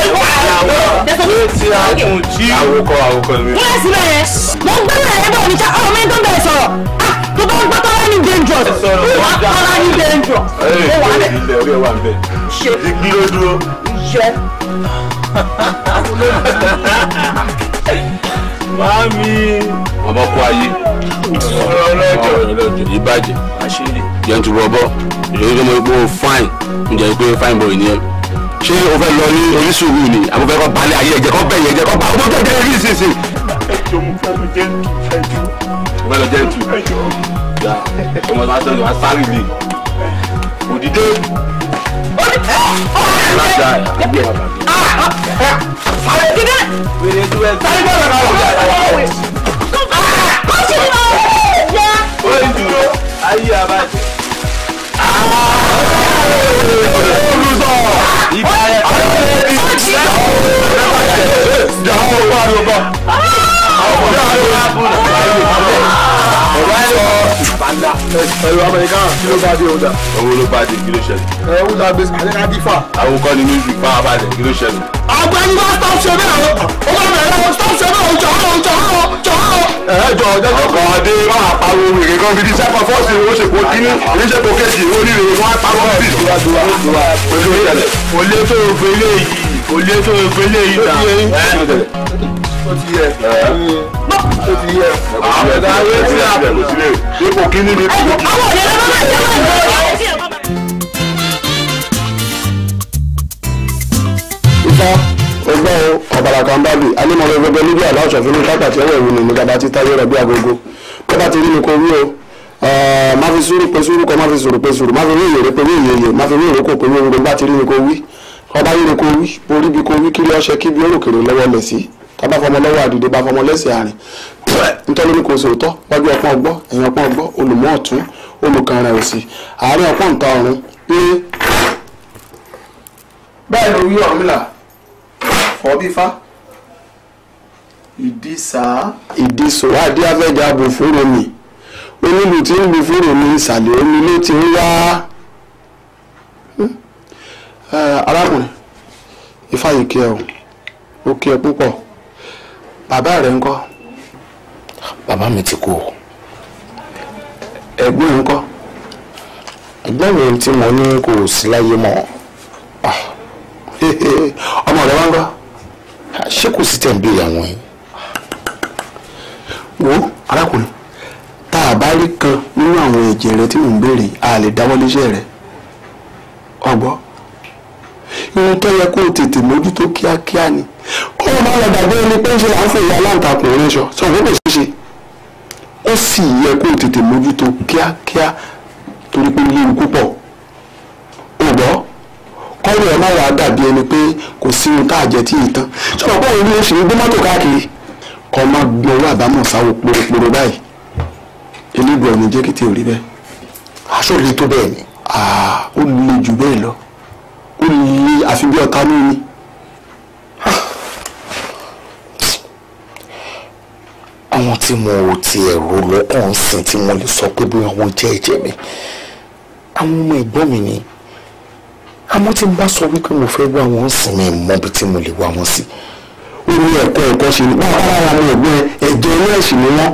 Wọ́n yẹ sílẹ̀ yẹn. Mo mi tó ń bẹ̀rẹ̀ Ẹ wà ń jẹ́. Màámi. Bàbá kú ayé. ọlọ́jọ́. Ìbàjẹ́. Àṣírí. Jẹ̀ǹtù bọ̀bọ̀. Èyí ló mọ pé o Ǹjẹ́ pé fine boy ni Ṣé o fẹ́ lọ ní oníṣòwò ni? Àbí fẹ́ kọ́ balẹ̀ ayé ẹ̀jẹ̀ kọ́ bẹ̀yẹ̀ ẹ̀jẹ̀ kọ́ bá ọmọ jẹ́jẹ́ rí ìsinsìn? Ẹjọ́ mo fẹ́ lọ jẹ́ǹtù. Mo fẹ́ lọ jẹ́ǹtù. Ẹjọ́. Ọmọ tó wá sọ́ni wá sáré mi. Òdìdé ayé abájẹ. olùsọ ìgbà yẹn ọlọ́run ẹbí ṣe é. ọlọ́run ẹbí ṣe é. ìjà àwọn ọmọ àlùbọ̀. àwọn ọmọ àlùbọ̀ ńlá. ẹ̀rọ amẹ́ríkà kí ló bá dé ọ̀dà. owó ló bá dé kí ló ṣẹlẹ̀. ẹ̀ ń da gbèsè àti kádífà. àwọn kọ́ni music fáwọn balẹ̀ kí ló ṣẹlẹ̀. àgbẹ̀ stop ṣe bẹ́ẹ̀ àwọn ọmọ bẹ̀rẹ̀ stop náà jọ̀ọ́ kan adé máa pariwo wèrè kan bíi sẹpọ fọọsì owó ṣèpò kínní oníṣẹ kò kejì oníire wọn pariwo bíi. pẹ̀lú ìtẹlẹ. kò lé tó o gbélé yìí kò lé tó o gbélé yìí dà. ó ti yẹ ó ti yẹ àwọn ọ̀gá ayé ti rà bẹ̀rù sílẹ̀ ipò kínní ni. àwọn ọ̀gá ayé ti rà bẹ̀rù sílẹ̀ ẹgbẹ́ o ọ̀bàrà kan bá bì anímọ̀lẹ́ gbogbo níbi àbá ọ̀ṣọ̀fin ní kápàtì ọwọ́ ìwé nìyí gàdá ti táyé rẹ̀ bí agogo tó ti rí mi kò wí o eh, má fi sùúrù pe sùúrù kọ má fi sùúrù pe sùúrù má fi wí èrè pe wí èrè má fi wí èrè kò pe wí èrè bá ti rí mi kò wí ọba yìí ni kò wí borí bi kò wí kiri ọṣẹ kí bí olùkèrè lọ́wọ́ lẹ̀ sí tábà fọmọ lọ́wọ́ àdìdè bá fọmọ lẹ́sẹ̀ àrìn nítorí ní kò sòótọ́ wájú ọpọ́n ọgbọ́ ẹ̀yìn ọpọ́n ọgbọ́ olùmọ̀ ọ̀tún olùkànrẹ̀ òsì àárín ọpọ́n ìta ọ̀run ní. báyìí wí ọ̀rúnmìlà Ọbịfa. Ìdísà. Ìdísò wádìí afẹ́jà bù fúnra mi. Onílù tí ń lu mi ìsàlẹ̀ omi ló ti ń wá. Hmm? Arákùnrin, Ifáyìí kí ẹ o, ó kí ẹ púpọ̀. Bàbá rẹ̀ ńkọ́? Bàbá mi ti kú o. Ẹ̀gbọ́n ẹ̀ ńkọ́? Ẹ̀gbọ́n mi tí mo ní kò sí láyé Ọmọ rẹ wá ń ṣé kò sí tẹ̀m̀bé àwọn yìí wo arákùnrin tá a bá rí kan nínú àwọn ẹ̀jẹ̀ rẹ tí mò ń béèrè a lè dáwọ́ léṣẹ́ rẹ ọgbọ́ irun tó yẹ kó o tètè mójútó kíákíá ni kó o má lọ gbàgbé ẹni pé ń ṣe láǹfọ̀ ìyá aláǹtakùn rẹ sọ sọ pé kò ṣe ó sì yẹ kó o tètè mójútó kíákíá torí pé léwu púpọ̀ ọgbọ́ kọ́rọ̀ ẹ̀ má wàá dàbí ẹni pé kò sí ohun tá a jẹ tí ì tán ṣọlá báwo ni oṣù gbé mọ́tò káàkiri kọ́ máa gbọ́ owó àbámọ̀ sáwọ́ poroporo báyìí elégbò ọ̀nà jẹ́ kété òrí bẹ́ẹ̀. aṣọ le tó bẹ́ẹ̀ ni. ó le jù bẹ́ẹ̀ lọ ó le àfi bí ọ̀tá ní ni. àwọn tí mo ò tiẹ̀ rò lọ́kàn ń sìn tí wọ́n lè sọ pé bóyá wọ́n jẹ́ ẹ̀jẹ̀ mi àwọn ọmọ ẹ̀gbọ́n mi ni. Ah àmọ́ tí n bá sọ wípé mo fẹ́ wá wọn sìn mi mọ́bi tí mo lè wá wọn sí. ó ní ẹ̀kọ́ ẹ̀kọ́ ṣe ni wọ́n bá ara mi ẹ̀gbọ́n ẹ̀jẹ̀ ilé ẹ̀sìn ni wọ́n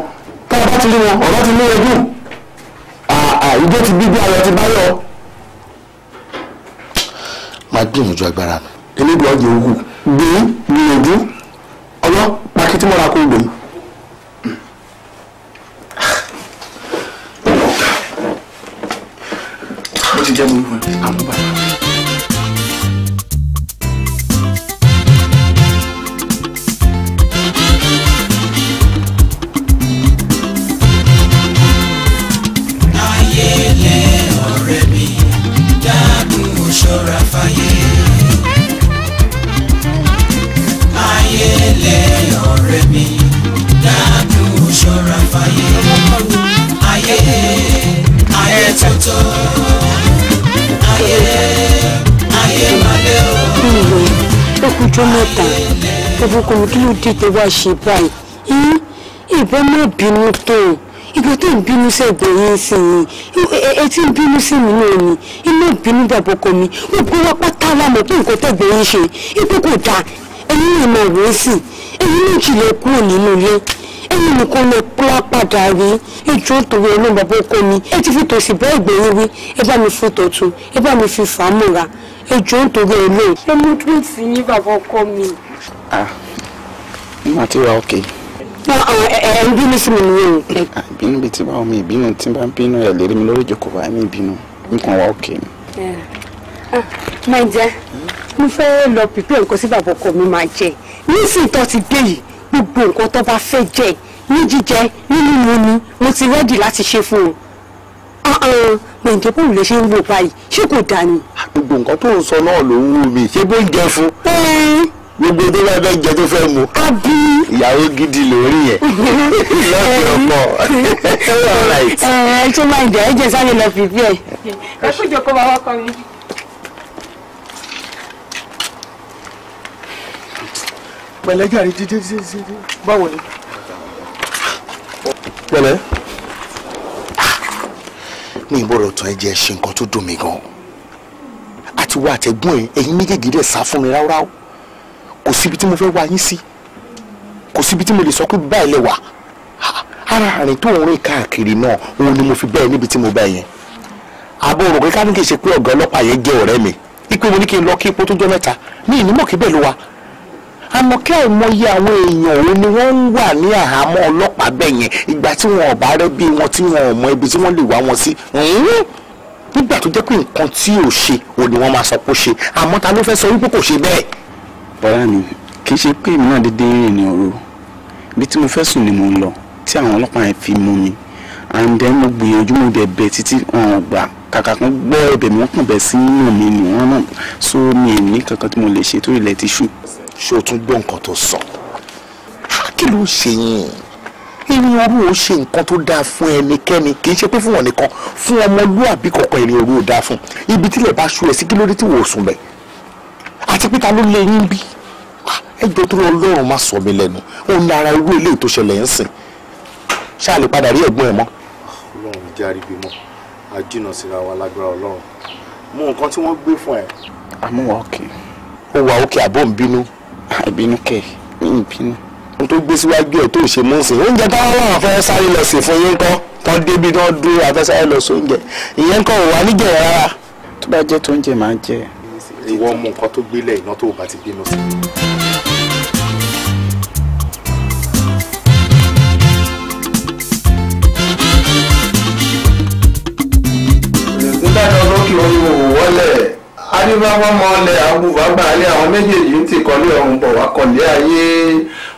tá a bá ti rí wọn ọ̀rọ̀ ti ní ẹjú ìjọ ti bí bí ara ti bá yọ. máa gbìyànjú agbára mi. elébi ọjà òwú gbé gbìyànjú ọlọ́ pàkìtì mọ́ra kó gbé. bó ti jẹ́ mi wọ́n àwọn bàbá. tẹ̀lé ọ̀rẹ́ mi dákun ṣọ́ra fàyè ayé ayé tótó ayé ayé malẹ́ o. ó kú jọ mẹ́ta ọkùnkùn mi kí ló dé wá ṣe báyìí ìbọn má bínú tó ìgbà tó ń bínú sẹ́gbẹ̀ yín sí yín etí ń bínú sí mi náà ni inú ìbínú bàbá mi gbogbo wa pátá lámọ̀ tó nǹkan tẹ̀gbẹ̀ yín ṣe ipò kò ẹ̀yin náà máa wò ó sì ẹ̀yin náà kìlẹ̀ kúrò nínú ilé ẹ̀yin nìkan lè pọ́lá padà rí ìjọ torí ọlọ́run bàbá ọkọ mi ẹ ti fi tòsí bẹ́ẹ̀ gbẹ̀yìn wí ẹ bá mi fi tọ̀tún ẹ bá mi fi fà á múra ìjọ torí ọlọ́run. ṣé mo dúró sí yín bàbá ọkọ mi. ah nígbà tí wàá òkè. ẹ ń bínú sí mi nìyẹn. ìbínú bíi tí bá omi ìbínú tí bá ń bínú ẹ lérí mi lórí ìjókòó wa ní ìbínú nǹkan wàá òkè mi. máa jẹ́ mo fẹ́ lọ pípẹ́ nǹkan sí bàbá ọkọ mi máa jẹ nísìnyí tó ti dé yìí gbogbo nǹkan tó bá fẹ́ jẹ ní jíjẹ ní mímu ni mo ti rẹ́dì láti ṣe fún un gbẹ̀ǹdé bóun lè ṣe ń wò báyìí ṣé kò dáa ni. gbogbo nǹkan tó ń sọ náà ló ń wù mí ṣé bó ń jẹ fún. gbogbo tó bá fẹ́ jẹ tó fẹ́ mu. àbí. ìyàwó gidi lórí yẹn. lọ́ọ̀kì ọ̀pọ̀ ẹ ẹ tó máa ń jẹ ẹ jẹ sáré lọ fìdí ẹ. ẹ kó jọ kó máa kọ́ mi. pẹ̀lẹ́ jàre dídé dídé báwo ni. pẹ̀lẹ́. ní ìbọ̀rọ̀ tán ẹ jẹ́ ṣe nǹkan tó dùn mí gan-an àti wá àtẹ̀gbọ́n ẹ ẹ̀yin méjèèjì rẹ̀ sá fún mi ráúráú kò síbi tí mo fẹ́ wá yín sí kò síbi tí mo lè sọ pé báyìí lẹ wà ara àrìn tó ń rìn káàkiri náà òun ni mo fi bẹ́ẹ̀ níbi tí mo bá yẹn àbọ̀ òrògbé ká ní kì í ṣe pé ọ̀gá ọlọ́pàá yẹn jẹ́ ọ̀rẹ́ mi ipe mo ní kí n lọ kí epo tó jọ mẹ́ta ní ìnímọ̀ kí bẹ́ẹ̀ ló wa àmọ́kẹ́ àìmọye àwọn èèyàn òun ni wọ́n ń wà ní àhámọ́ ọlọ́pàá bẹ́ẹ̀ yẹn ìgbà tí wọn ò bá rẹ́ bí wọn tí wọn ò mọ ibi tí wọ́n lè wá wọn sí nígbà tó jẹ́ pé nǹkan tí ò ṣe òun ni wọ́n máa sọ pé ó ṣe àmọ́ ta ló fẹ́ sọ wípé kò ṣe bẹ́ẹ̀. bọ́lá ni kì í ṣe pé èmi náà dédé rìn ní ọ̀rọ̀ ibi tí mo fẹ́ sùn ni mo ń lọ tí àwọn ọlọ́pàá yẹn fi mú mi and then mo gbìyànjú mo dẹ̀ bẹ̀ títí ọ̀hún gbà kàkà kan gbọ́ ẹ̀bẹ̀ mi wọ́n kàn bẹ̀ sí nínú mi nìwọ̀n náà so mi ì ní kankan tí mo lè ṣe tó ilẹ̀ ti ṣú ṣé o tún gbọ́ nǹkan tó sọ kí ló ṣe yín irin orú o ṣe nǹkan tó dáa fún ẹnikẹ́ni kì í ṣe pé fún wọn nìkan fún ọmọlúàbí kọ̀ọ̀kan irin orú o dáa fún ibi tílẹ̀ bá ṣú ẹ̀ sí kí ló dé tí wò ó sùn bẹ̀ àti pé ta ló lé yín bí ah, ẹgbẹ́ tó Ọlọ́run má sọ mi lẹ́nu òun lára irú eléyìí tó ṣẹlẹ̀ ń sìn ṣáà lè padà rí ẹ̀gbọ́n ẹ̀ mọ́. Ọlọ́run járe bímọ àjìnà síra wa lágbára Ọlọ́run mú nǹkan tí wọ́n gbé fún ẹ. àmúwà òkè ó wà òkè àbọ̀ ń àìbínú kẹ ìbínú. ohun tó gbé síwájú ẹ̀ tó ṣe mú sí oúnjẹ táwọn làwọn fẹ́ sáré lọ sí fún yín kọ́ tán débi náà dúró afẹ́sáré lọ sóúnjẹ ìyẹn kọ́ ò wá níjẹ̀ rárá. tó bá jẹ́ tó ń jẹ máa ń jẹ. ìwọ ọmọ nǹkan tó gbélé iná tó bá ti bínú sí i. adébáwá mọ́lẹ̀ àwọn bàbáàlẹ̀ àwọn méjèèjì ń tìkọ́lé ọ̀hún bọ̀ wá kọ̀lé ayé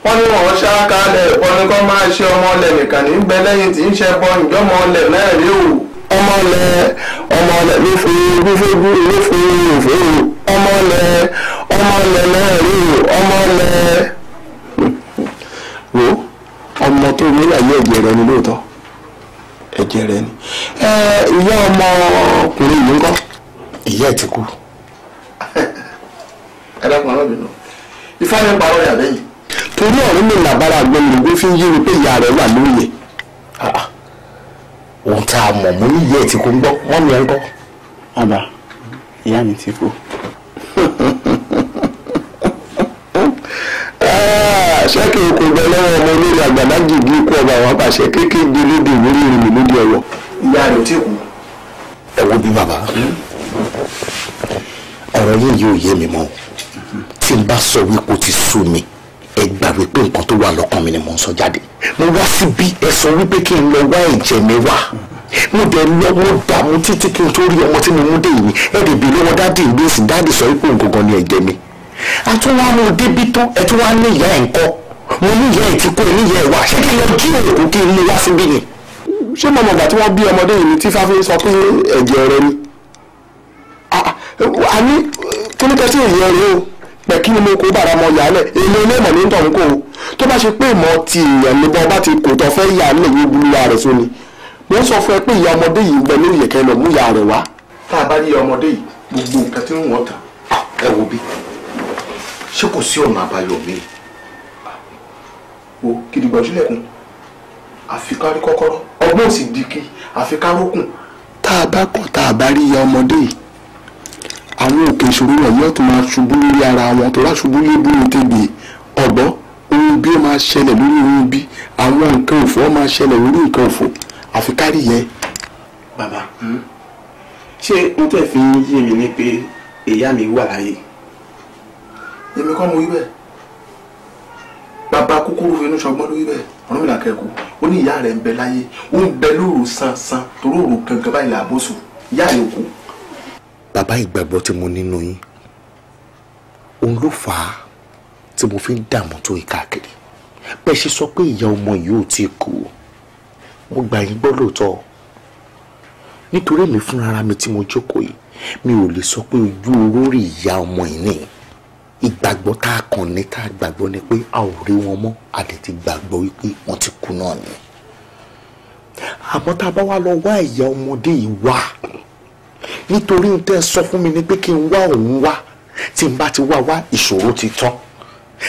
wọ́n ní wọ́n ṣá kálẹ̀ ìbọnikọ́ máa ṣe ọmọlẹ̀ nìkan ní bẹ lẹ́yìn tí ń ṣe bọ ìjọmọlẹ̀ náà rí o. ọmọlẹ̀ ọmọlẹ̀ ló fi gbígbégú ló fi ìfẹ́ o ọmọlẹ̀ ọmọlẹ̀ náà rí o ọmọlẹ̀. wo ọmọ tó ní ìlàyé ẹ̀jẹ̀ rẹ ni lóòótọ́ ẹ̀jẹ̀ rẹ ni ìyá ọmọkùnrin yìí ń kọ́ ìyá ẹ̀ ti kú. ẹ dákun ọ̀rọ̀ mi nù ifá mi ha ha yà lẹ́yìn. fi ń yí wípé ìyá rẹ̀ wà lóye ah, ah. ohun tá a mọ̀ mú níyẹ́ ẹ̀ tí kò ń gbọ́ wọ́n mi ẹ̀ ń gbọ́. bàbá ìyá mi ti kú. Ah, ṣẹ́kì kò gbẹ lọ́wọ́ ọmọ olórí àgbàdá jìgì ikú ọba àwọn apàṣẹ kékeré lédè lórí ìrìnnì lóde ọ̀rọ̀. ìyá rẹ̀ ò kú. ẹ wo bí bàbá hmm? ọ̀rọ̀ yín yóò yé mi mọ́ tí n bá sọ wípé o ti sú mi ẹ gbà wípé nǹkan tó wà lọ́kàn mi ni mò ń sọ jáde mo wá síbí ẹ sọ wípé kí n lọ wá ẹ̀jẹ̀ mi wá mo dẹ̀ lọ mo dààmú títí kí n tó rí ọmọ tí mo mú dé yìí ẹ lè bèèrè lọ́wọ́ dáàdì ìgbésì dáàdì sọ wípé òun gangan ni ẹ̀jẹ̀ mi àtúnwá mo débí tán ẹ tún wá ní ìyá ẹ̀ ń kọ́ mo ní ìyá ẹ̀ ti kó níyà ẹ̀ wá ṣé kí n lọ jí òkú kí n mú wá síbí ni. ṣé mo mọ̀gbà tí wọ́n bí ọmọdé yìí ni tí sọ pé ẹ̀jẹ̀ rẹ ni àní kíníkẹ́ tí ìyẹn rèé o pẹ̀kí ni mo kó bàrà mọ yàálẹ̀ èmi onímọ̀ ní tọ̀hún kò o tó bá ṣe pé ìmọ̀ ti èèyàn nípa ọba ti kò tọ́ fẹ́ yàálẹ̀ yóò burú ya rẹ̀ sóni mo sọ fún ẹ pé ìyá ọmọdé yìí gbẹ lórí ẹ̀kẹ́ lọ mú ya rẹ̀ wá. tá a bá rí ọmọdé yìí gbogbo nǹkan tí wọ́n tà ẹ wo bí ṣé kò sí ọ̀nà àbáyọ mi. o kìdìgbà sílẹ̀kùn àfi ká rí kọ́kọ́rọ́ ọgbọ́n sì di kí àfi ká rókùn. tá a bá kọ̀ tá a bá rí ọmọdé yìí àwọn òkè ìṣòro wọ̀nyí ó tún máa ṣubú lórí ara wọn tó bá ṣubú lébú ìtẹ̀gbè ọ̀gbọ́ ohun bí ó máa ṣẹlẹ̀ lórí ohun bí àwọn nǹkan òfò ó máa ṣẹlẹ̀ lórí nǹkan òfò àfi kárí yẹ. bàbá hmm? ṣé wọ́n tẹ̀ fi ń yé mi ní pé ìyá mi wà láyé. èmi kọ́ mo wí bẹ́ẹ̀ bàbá kúkúrú finú ṣọgbọ́n ló wí bẹ́ẹ̀ ọ̀run mi là kẹ́kọ̀ọ́ ó ní ìyá rẹ̀ ń bẹ láyé ó ń bẹ lóru san san torí òru gangan báyìí làbọ̀sùn ìyá rẹ̀ kú bàbá ìgbàgbọ́ tí mo nínú yín òun ló fà á tí mo fi ń dààmú tó yìí káàkiri bẹ́ẹ̀ ṣe sọ pé ìyá ọmọ yìí ò tí ì kú mo gbà yín gbọ́ lóòótọ́ nítorí mi fúnra mi tí mo jókòó yìí mi ò lè sọ pé ojú olórí ìyá ọmọ yìí ni ìgbàgbọ́ tá a kàn ní tá a gbàgbọ́ ni pé a ò rí wọn mọ́ a lè ti gbàgbọ́ wípé wọ́n ti kú náà ni àmọ́ tá a bá wá lọ wá ìyá ọmọdé yìí wá nítorí n tẹ́ sọ fún mi ni pé kí n wá òun wá tí n bá ti wá wá ìṣòro ti tán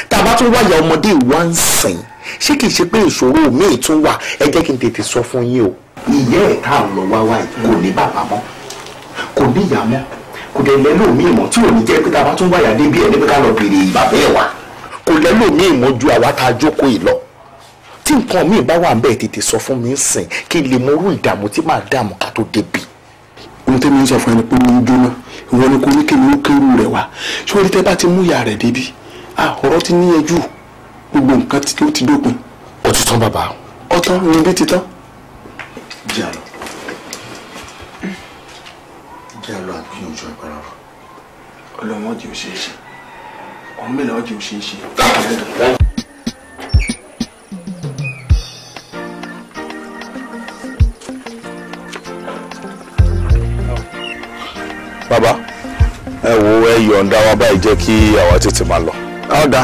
tá a bá tún wáyà ọmọdé ìwà ń sìn ṣé kìí ṣe pé ìṣòro míì tún wà ẹ jẹ́ kí n tètè sọ fún yín o. ìyá ẹ̀ tá à ń lọ wá wá yìí kò ní bàbá mọ́ kò ní ìyá mọ́ kò dẹ̀ lẹ́lò míì mọ́ tí ò ní jẹ́ pé tá a bá tún wáyà débi ẹ̀ níbi ká lọ bèrè ìbàbẹ́ ẹ̀ wá. kò lẹ́lò míì mọ́ ju àwa tá a jókòó yìí lọ tí nǹkan míì bá wà ń bẹ́ẹ̀ tètè sọ fún mi ń sìn kí n lè mọ orú ìdààmú tí màá dààmú ká tó débi ohun tẹ́mi ń sọ fún ẹni pé mo ń jóná ìwọ ni kò ní kémi ó kéwù rẹ̀ wá sórí tẹ́ bá ti mú ìyá rẹ̀ débi ọ̀rọ̀ ti níyẹjú gbogbo nǹkan tí ó ti dópin. ó ti tán bàbá. ọtán ni ibi ti tán. jẹ́ àlọ́ jẹ́ àlọ́ àgbìyànjú agbára rẹ̀ ọlọ́wọ́n di òṣèṣe ọ̀hún mélòó di òṣèṣe. bàbá ẹ wo ẹ yọ̀ǹda wa báyìí jẹ́ kí àwa tètè máa lọ. ọ̀dà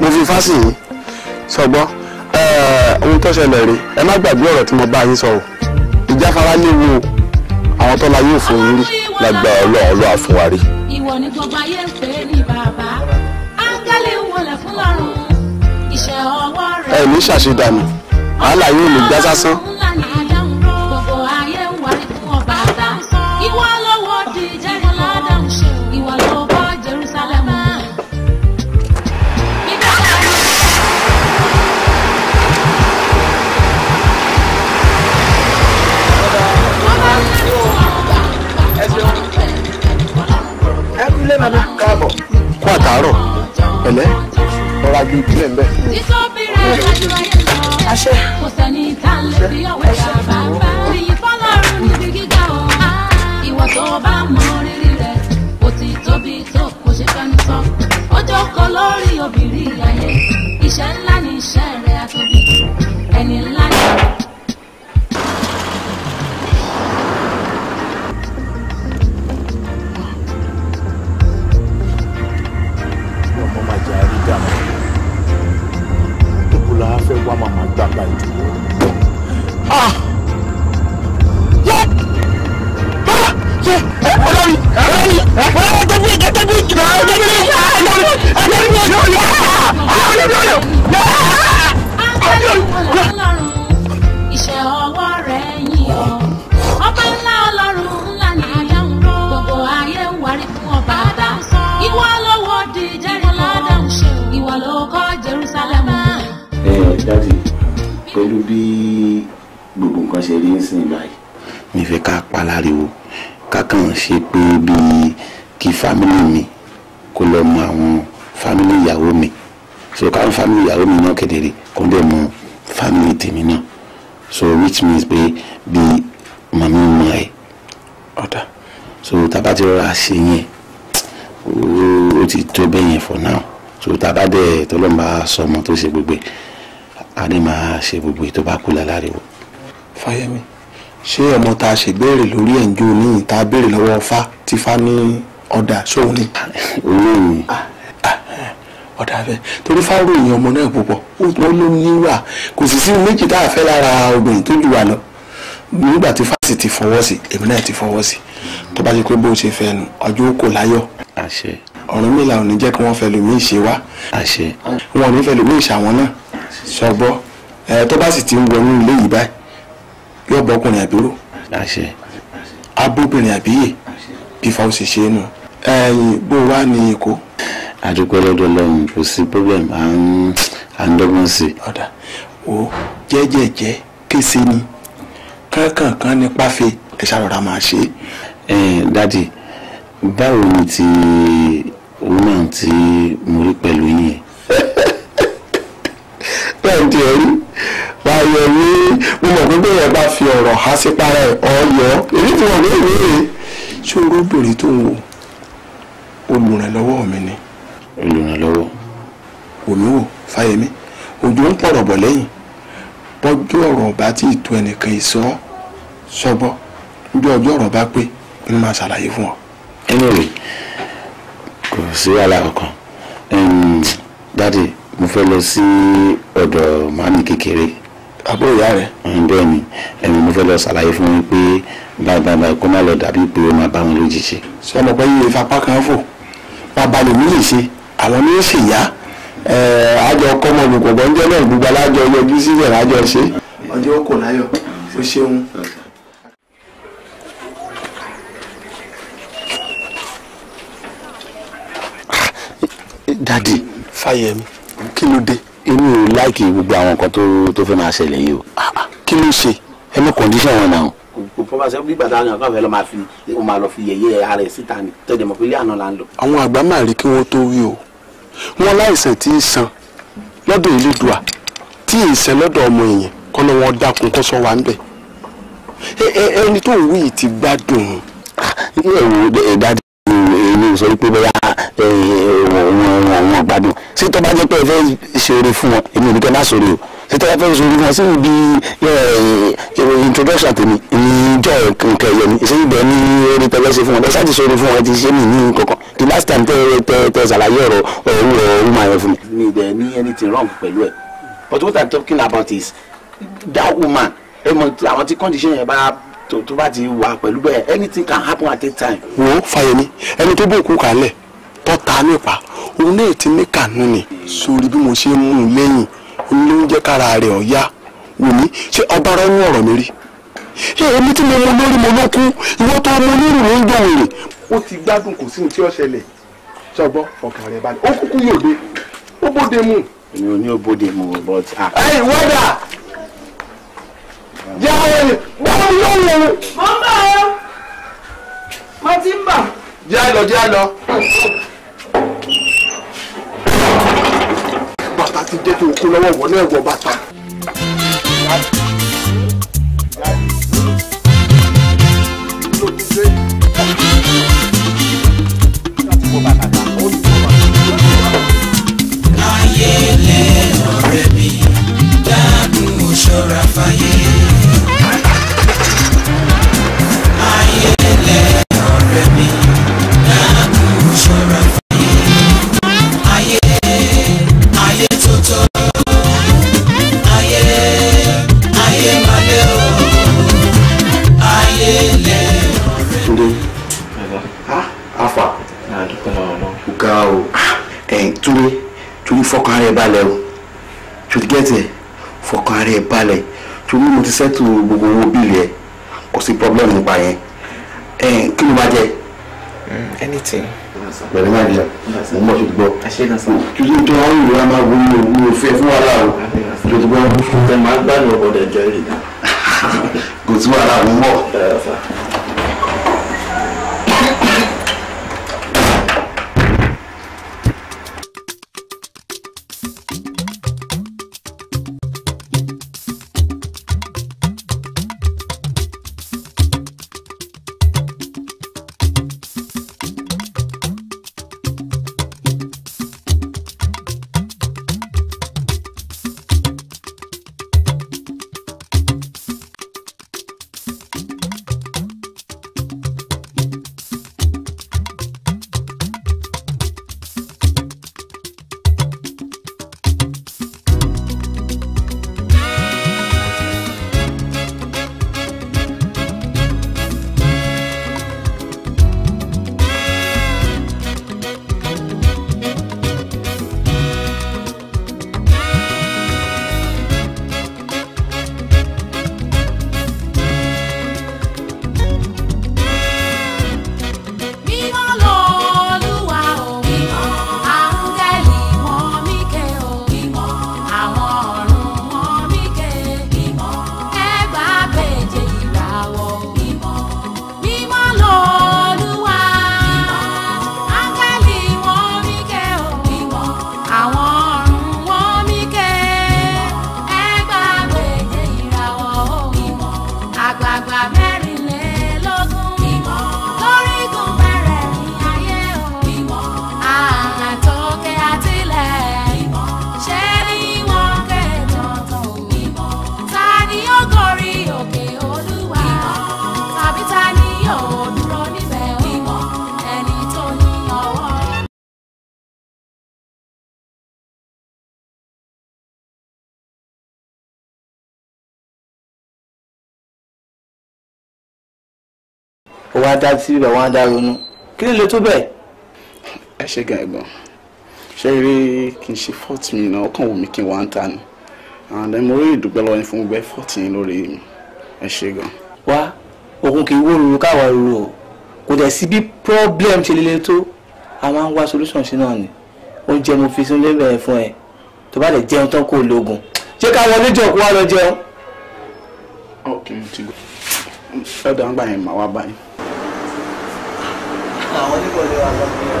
mo fi fásìn yìí sọgbọ́n ohun tó ṣẹlẹ̀ rèé ẹ má gbàgbé ọ̀rọ̀ tí mo bá yín sọ̀rọ̀ ìjáfara léwu àwọn tó la yóò fún yín lágbà ọlọ́run ọlọ́run àfúnwárí. ìwọ ni gbogbo ayé ń pè ní bàbá áńgẹ́lì wọlé fún lọ́rùn iṣẹ́ ọwọ́ rẹ̀. ẹ ní ṣàṣedànù wàhálà yóò lè gbá sásán. gbé ìpínlẹ̀ ń bẹ̀. àṣẹ. kò sẹ́ni tá a lè ńlá ni iṣẹ́ rẹ̀ àtòbí ẹni ńlá ni. wá máa máa dàgbà ìdí. olórí olórí olórí tó bí ìjẹ́ tó bí ìjìnà ọjọ́ bí ìjìnà olórí olórí olórí olórí olórí olórí olórí olórí. pẹ̀lú bí gbogbo nǹkan ṣe rí ń sìn báyìí. mi fẹ́ ká palariwo kákan ṣe pé bíi kí fámìlì mi kó lọ mọ àwọn fámìlì ìyàwó mi so káwọn fámìlì ìyàwó mi náà kedere kó dẹ̀ mọ fámìlì tèmi náà so which means pé bíi màmí mọ ẹ ọ̀dà so tàbá ti rọra ṣe yẹn ó ti tó bẹ́yẹn for now so tàbá dẹ̀ tọ́lọ́mùbá sọmọ tó ṣe gbogbo ẹ̀ a ní máa ṣe gbogbo ètò bá kú láláriwo. fáyẹmí ṣé ọmọ tá a ṣègbèrè lórí ẹ̀ ń jó ní ìta béèrè lọ́wọ́ fa tí fa ní ọ̀dà sóun ni. olóyìn ah, ah, ọ̀dà bẹ́ẹ̀ torí fáwọn èèyàn ọmọ náà púpọ̀ wọ́n ló níwà kò sì sí méjì tá a fẹ́ lára obìnrin tó jù wá lọ nígbà tí fásitì ti fọwọ́ sí èmi náà ti fọwọ́ sí tó bá jẹ́ pé bó ṣe fẹ́ nu ọjọ́ kò láyọ̀. àṣẹ. ọ̀run mi là ò ní jẹ́ kí wọ́n fẹ́ lómi ìṣe wá. àṣẹ. wọn ò ní fẹ́ lómi ìṣàwọn náà sọgbọ́ ẹ tó bá sì ti ń wọnú ilé yìí báyìí yóò bọ́ ọkùnrin àbúrò abóbìnrin àbíyè bí fáwọn ṣe ṣe é nù ẹ̀yìn bó wá ní ikú. àdúgbò lọ́dọ̀ lọ́hùn kò sí problem à ń à ń dọ́gbọ́n sí i. ọ̀dà o jẹ́jẹ̀jẹ́ kése ni kánkànkan ní páfe ẹ ṣàròrà máa ṣe. ẹ dádì báwo ni ti woman tí mo rí pẹ̀lú yín yẹn ṣe ẹ rí láyé rí mo mọ̀ pé bẹ́ẹ̀ yẹn bá fi ọ̀rọ̀ há sí para ẹ̀ ọ̀yọ́ èyí tí wọ́n léèrè ṣòro obìnrin tó ń wò olùrànlọ́wọ́ mi ni. olùrànlọ́wọ́. òmí wò fáyemí òjò ń pọ̀rọ̀ bọ̀ lẹ́yìn bọ́jú ọ̀rọ̀ bá tí ì tó ẹnìkan ìsọ́ sọ́gbọ́ bí ọjọ́ ọ̀rọ̀ bá pé n máa ṣàlàyé fún ọ. anyway kò sí wàhálà kankan mo fẹ́ lọ sí ọ̀dọ̀ màmí kékeré. àbúrò ìyá rẹ. bẹ́ẹ̀ ni ẹ̀mí mo fẹ́ lọ ṣàlàyé fún wọn pé báyìí báyìí báyìí kó má lọ dàbí pé ó máa bá wọn lójijì. ṣé ọmọ pé yìí fapá kan fò bàbá lèmi lè ṣe àwọn ni ó sì yá àjọ kọ́mọ olùkọ́ gbọ́njẹ́ náà gbogbo alájọ yọjú síbẹ̀ lájọ ṣe. ọjọ́ kò láyọ̀ ó ṣeun. Ah, dadi fáyemí kí ló dé. èmi ò láìkì gbogbo àwọn nǹkan tó tó fẹ́ máa ṣẹlẹ̀ yìí o. Ah, ah, kí ló ṣe ẹ mọ kọ̀ǹdíṣàn wọn náà. kò fọwọ́ sẹ́wọ́n bí gbàdá àwọn kan fẹ́ lọ́ máa fi ó máa lọ fi yẹ̀yẹ́ ara ẹ̀ síta ni tọ́jú ẹ̀mọ́ pélé àná là ń lọ. àwọn àgbà máa rí kí wọ́n tó wí o wọn láìsàn tí ń san lọ́dọ̀ ìlédùá tí ì sẹ́ lọ́dọ̀ ọmọ èèyàn kọ́ ló wọn dákun kó sọ wà ń bẹ̀. ẹni tó wí ti èyí sọ pé bóyá eh, wọn gbádùn ṣé tó bá jẹ́ pé ẹ fẹ́ ṣòro fún wọn èmi ò ní kẹ́ má ṣòro o ṣé tó bá fẹ́ ṣòro fún wọn sí ibi eh, eh, introduction tèmi ìjọ nǹkan ẹ̀yẹ ni ṣé ibẹ̀ ni orí tẹ́lẹ̀ ṣe fún wọn lọ́sàtì ṣòro fún wọn ti ṣe mí ní kankan the last time tẹ tẹ tẹ ṣàlàyé ọ̀rọ̀ ọ̀hún ọ̀hún máa yẹ fún mi. mi dẹ̀ ní anything wrong pẹ̀lú ẹ̀ but what I'm talking about is that woman ẹ mọ̀ àwọn tí condition yẹn bá tó tó bá ti wà pẹ̀lú bẹ́ẹ̀ anything can happen at any time. wo Fáyẹmí ẹni tó bókun kalẹ̀ tọ́ta nípa òun náà ti ní kànú ni sórí bí mo ṣe mú un lẹ́yìn ló ń jẹ́ kára rẹ̀ ọ̀yá wò ní ṣé ọba rẹ ní ọ̀rọ̀ mi rí èmi tí mo mú lórí mo ló kú ìwọ tó mú nírù ló ń dùn wèrè. ó ti gbádùn kò sí ohun tí ó ṣẹlẹ̀ ṣọgbọ́n ọkàn rẹ̀ balẹ̀ ó kúkú yóò ó bóde mu. èmi ò ní ó bóde mu but. Ah. ẹ̀yin wọ́dà jáwé mi lóhùn o. mo ń bọ̀ ọ́ mo ti ń bọ̀. jẹ́ àlọ́ jẹ́ àlọ́. bàtà ti jẹ́ kí o kó lọ́wọ́ wọ náà wọ bàtà. torí mo ti sẹ́tù gbogbo owó bíìlì ẹ kò sí problem nípa yẹn kí ló máa jẹ. Mm, anything. pẹ̀lú máa jẹ mo mọ̀ ṣe gbọ́ tuntun tó wọ́n yìí wọ́n máa wúlò wúlò fẹ́ fún wàhálà o tuntun bọ́. ẹ máa gbádùn ọ̀bọ̀dẹ̀ jọ èrè náà. kò sí wàhálà mo mọ̀. wá dá sí ibẹ̀ wọ́n á dá ronú kí ló lè tó bẹ́ẹ̀. ẹ ṣe gan ẹ̀gbọ́n ṣe eré kì í ṣe fọ́ọ̀tì mi náà ọkàn wù mí kí n wá ń ta ni and mo rí ìdúpẹ́ lọ́wọ́ yín fún gbẹ́ fọ́ọ̀tì yín lórí mi ẹ ṣe gan. wá ogun kì í wó ruru káwa ruru o kò dẹ̀ sí bí problem ṣe lele tó a máa wá solution sí náà ni oúnjẹ mo fi sínú lébẹ̀rẹ̀ fún ẹ tó bá lè jẹun tán kó o lóògùn ṣé ká wọlé jọ kó wá lọ jẹun. ọkùnrin ti gbọ́ ọ̀dọ̀ àgbà yẹn màá wá báyìí àwọn níbo lè wà lọ́wọ́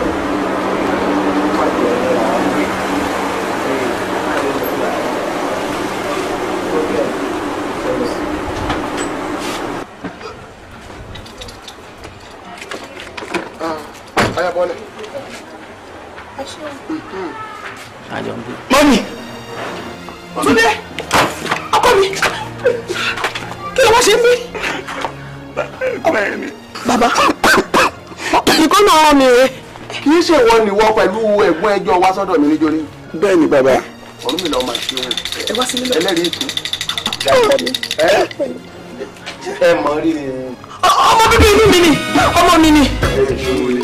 Ayabọ́lẹ̀. Mọ́mí! Ọkọ mi! Kí ló wá ṣe ń bí? Bàbá nǹkan náà mi rè. kì í ṣe ìwọ nìwọ pẹ̀lú ẹ̀gbọ́n ẹjọ́ wá sọ́dọ̀ mi nítorí. bẹ́ẹ̀ ni bàbá. ọ̀run mi lọ máa ṣe òun. ẹ wá sí mi lọ. ẹlẹ́rìí ìtú. ẹ mọ rí ni. ọmọ bíbí inú mi ni ọmọ mi ni. ẹ ṣó wọlé.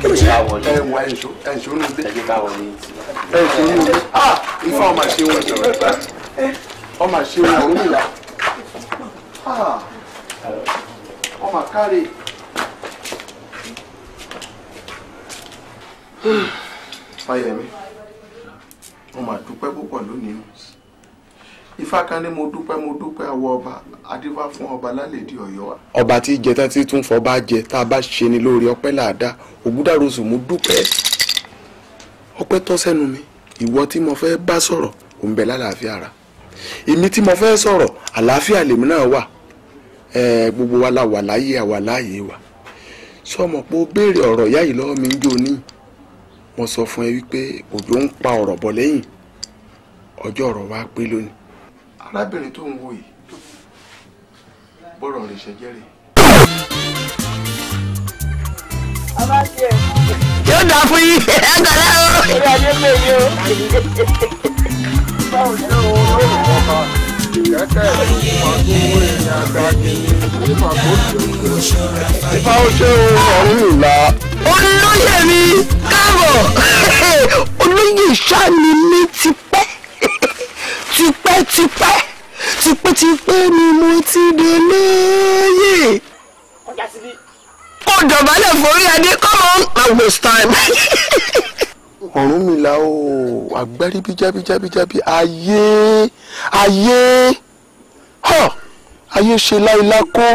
kí ló ṣe. ẹ wà ẹṣó ẹṣó nù dé. ẹ ṣó nù dé. ifá ọmọ ṣe òun jọrọ ọmọ ṣe òun ọ̀run mi là. ọmọ kárẹ̀. Fáyẹmí mo mà dúpẹ́ púpọ̀ lónìí ifá kan ní mo dúpẹ́ mo dúpẹ́ àwọ ọba adífá fún ọba lálẹ́dí ọ̀yọ́. ọba tí jẹ tán tí tún fọba jẹ tá a bá ṣe ni lóore ọpẹ́ làádá ògúdàrosù mo dúpẹ́ ọpẹ́ tọ́ sẹ́nu mi ìwọ tí mo fẹ́ bá sọ̀rọ̀ ò ń bẹ lálàáfíà ara èmi tí mo fẹ́ sọ̀rọ̀ àlàáfíà lèmi náà wà gbogbo wa la wà láyé àwa láàyè wa sọmọ pé ó béèrè ọ̀rọ̀ yáyì lọ́wọ́ mi ń jó níyì mo sọ fún ẹ wípé òjò ń pa ọ̀rọ̀ bọ̀ lẹ́yìn ọjọ́ ọ̀rọ̀ wa pé lónìí. arábìnrin tó ń wo yìí bọ́rọ̀ rẹ̀ ṣe jẹ́rìí. yóò dà fún yín ẹ o. ìyá mi pè mí o. báwo ni o kẹ́kẹ́ ìfúnpá tó wé ní agbáni ìfúnpá tó jẹ́ ìfá ó ṣe ọ̀run ìlà. olóyè mi káàbọ̀ olóyè sani mi tipẹ́ tipẹ́ tipẹ́ tipẹ́tipẹ́ ni mo ti dolóyè. kó dọ̀bálẹ̀ forí adé come on na waste time. Ọ̀rúnmìlà o agbárí bíjábíjábíjábí ayé ayé ayé ṣe láìlá kó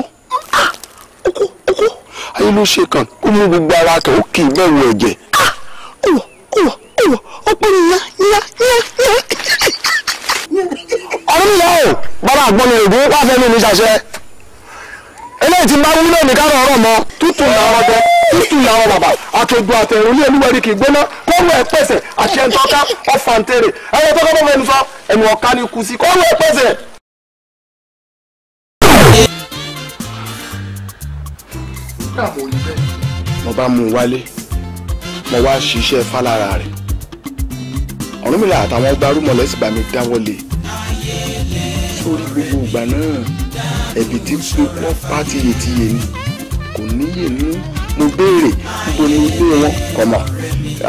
ayé ló ṣe kàn ó mú gbogbo ara tó kì í bẹ̀rù ẹ̀jẹ̀. ọkùnrin yá yá yá yá. Ọ̀rúnmìlà o bàbá àgbọ̀nrin ògún wàá fẹ́ mi ní sàṣẹ eléyìí ti máa wúlò ní káàrọ̀ ọ̀rọ̀ mọ́ tútù làwọn ọdẹ tútù làwọn bàbà àtògbò àtẹ̀rù ní olúwẹ̀rí kì í gbóná kọ́wọ́ ẹ̀ pèsè ọ̀fàǹtẹ̀rẹ̀ ẹ̀rọ tó kọ́ fẹ́ẹ́ nufọ́ ẹ̀nu ọ̀ká ni kù sí kọ́wọ́ ẹ̀ mo bá mú un wálé mo wá ṣiṣẹ́ fálára rẹ̀ Ọ̀rúnmìlà àtàwọn gbarumọ̀lẹ́sì bá mi dáwọ́ lé. ayé lè sórí gbogbo ìgbà náà ẹ̀bì tí pé wọ́n pa tiyetiye ni kò níyè ní mo béèrè níbo ni ilé wọn kọ̀mọ̀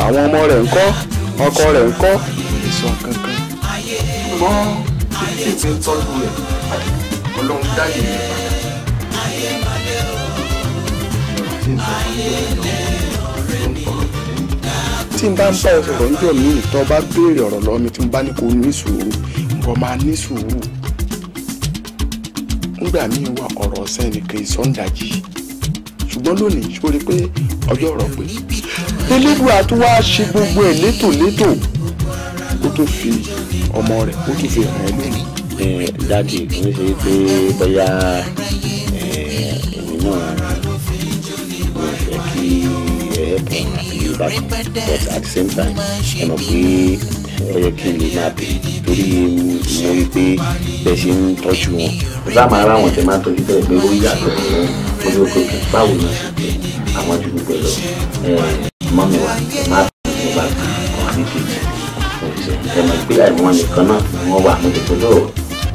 àwọn ọmọ rẹ̀ ń kọ́ ọkọ rẹ̀ ń kọ́ ìsọ kankan mọ́ ilé tí ń tọ́jú rẹ̀ ọlọ́run dáyé rẹ̀ tí n bá ń bá ọ sọ̀rọ̀ ń jọ̀ mí ìtọ́ bá béèrè ọ̀rọ̀ lọ́wọ́ mi tí n bá ní kó ní sùúrù nǹkan máa ní sùúrù ńgbà míì wà ọ̀rọ̀ ọ̀sẹ̀ nìkan ìsọ̀ǹdàjì ṣùgbọ́n lónìí sórí pé ọjọ́ ọ̀rọ̀ pé elédùà tó wá ṣe gbogbo ẹ̀ létòlétò ó tó fi ọmọ rẹ̀ ó tó fi hàn ẹ́ lónìí. ẹ dáàdì kì í ṣe pé bóyá èmi náà mo fẹ́ kí ẹ ẹ̀ pọ̀ àbí ìbátan but at the same time ẹ mọ̀ pé ó yẹ kí n lè máa bẹ̀ torí mo rí pé bẹ́ẹ̀ ṣe ń tọ́jú wọn bá máa rá àwọn tẹ̀ máa tọ́jú bẹ́ẹ̀ pé ó yàtọ̀ fún ojú òkè báwo ni ṣe bẹ̀ àwọn ju gbogbo lọ mọ́ mi wá máa fi mo bá fi kàn ní kejì òṣìṣẹ́ ẹ̀mọ̀ ìpínlẹ̀ ìwọ̀n nìkan náà ni wọ́n wà mo lè fojú ò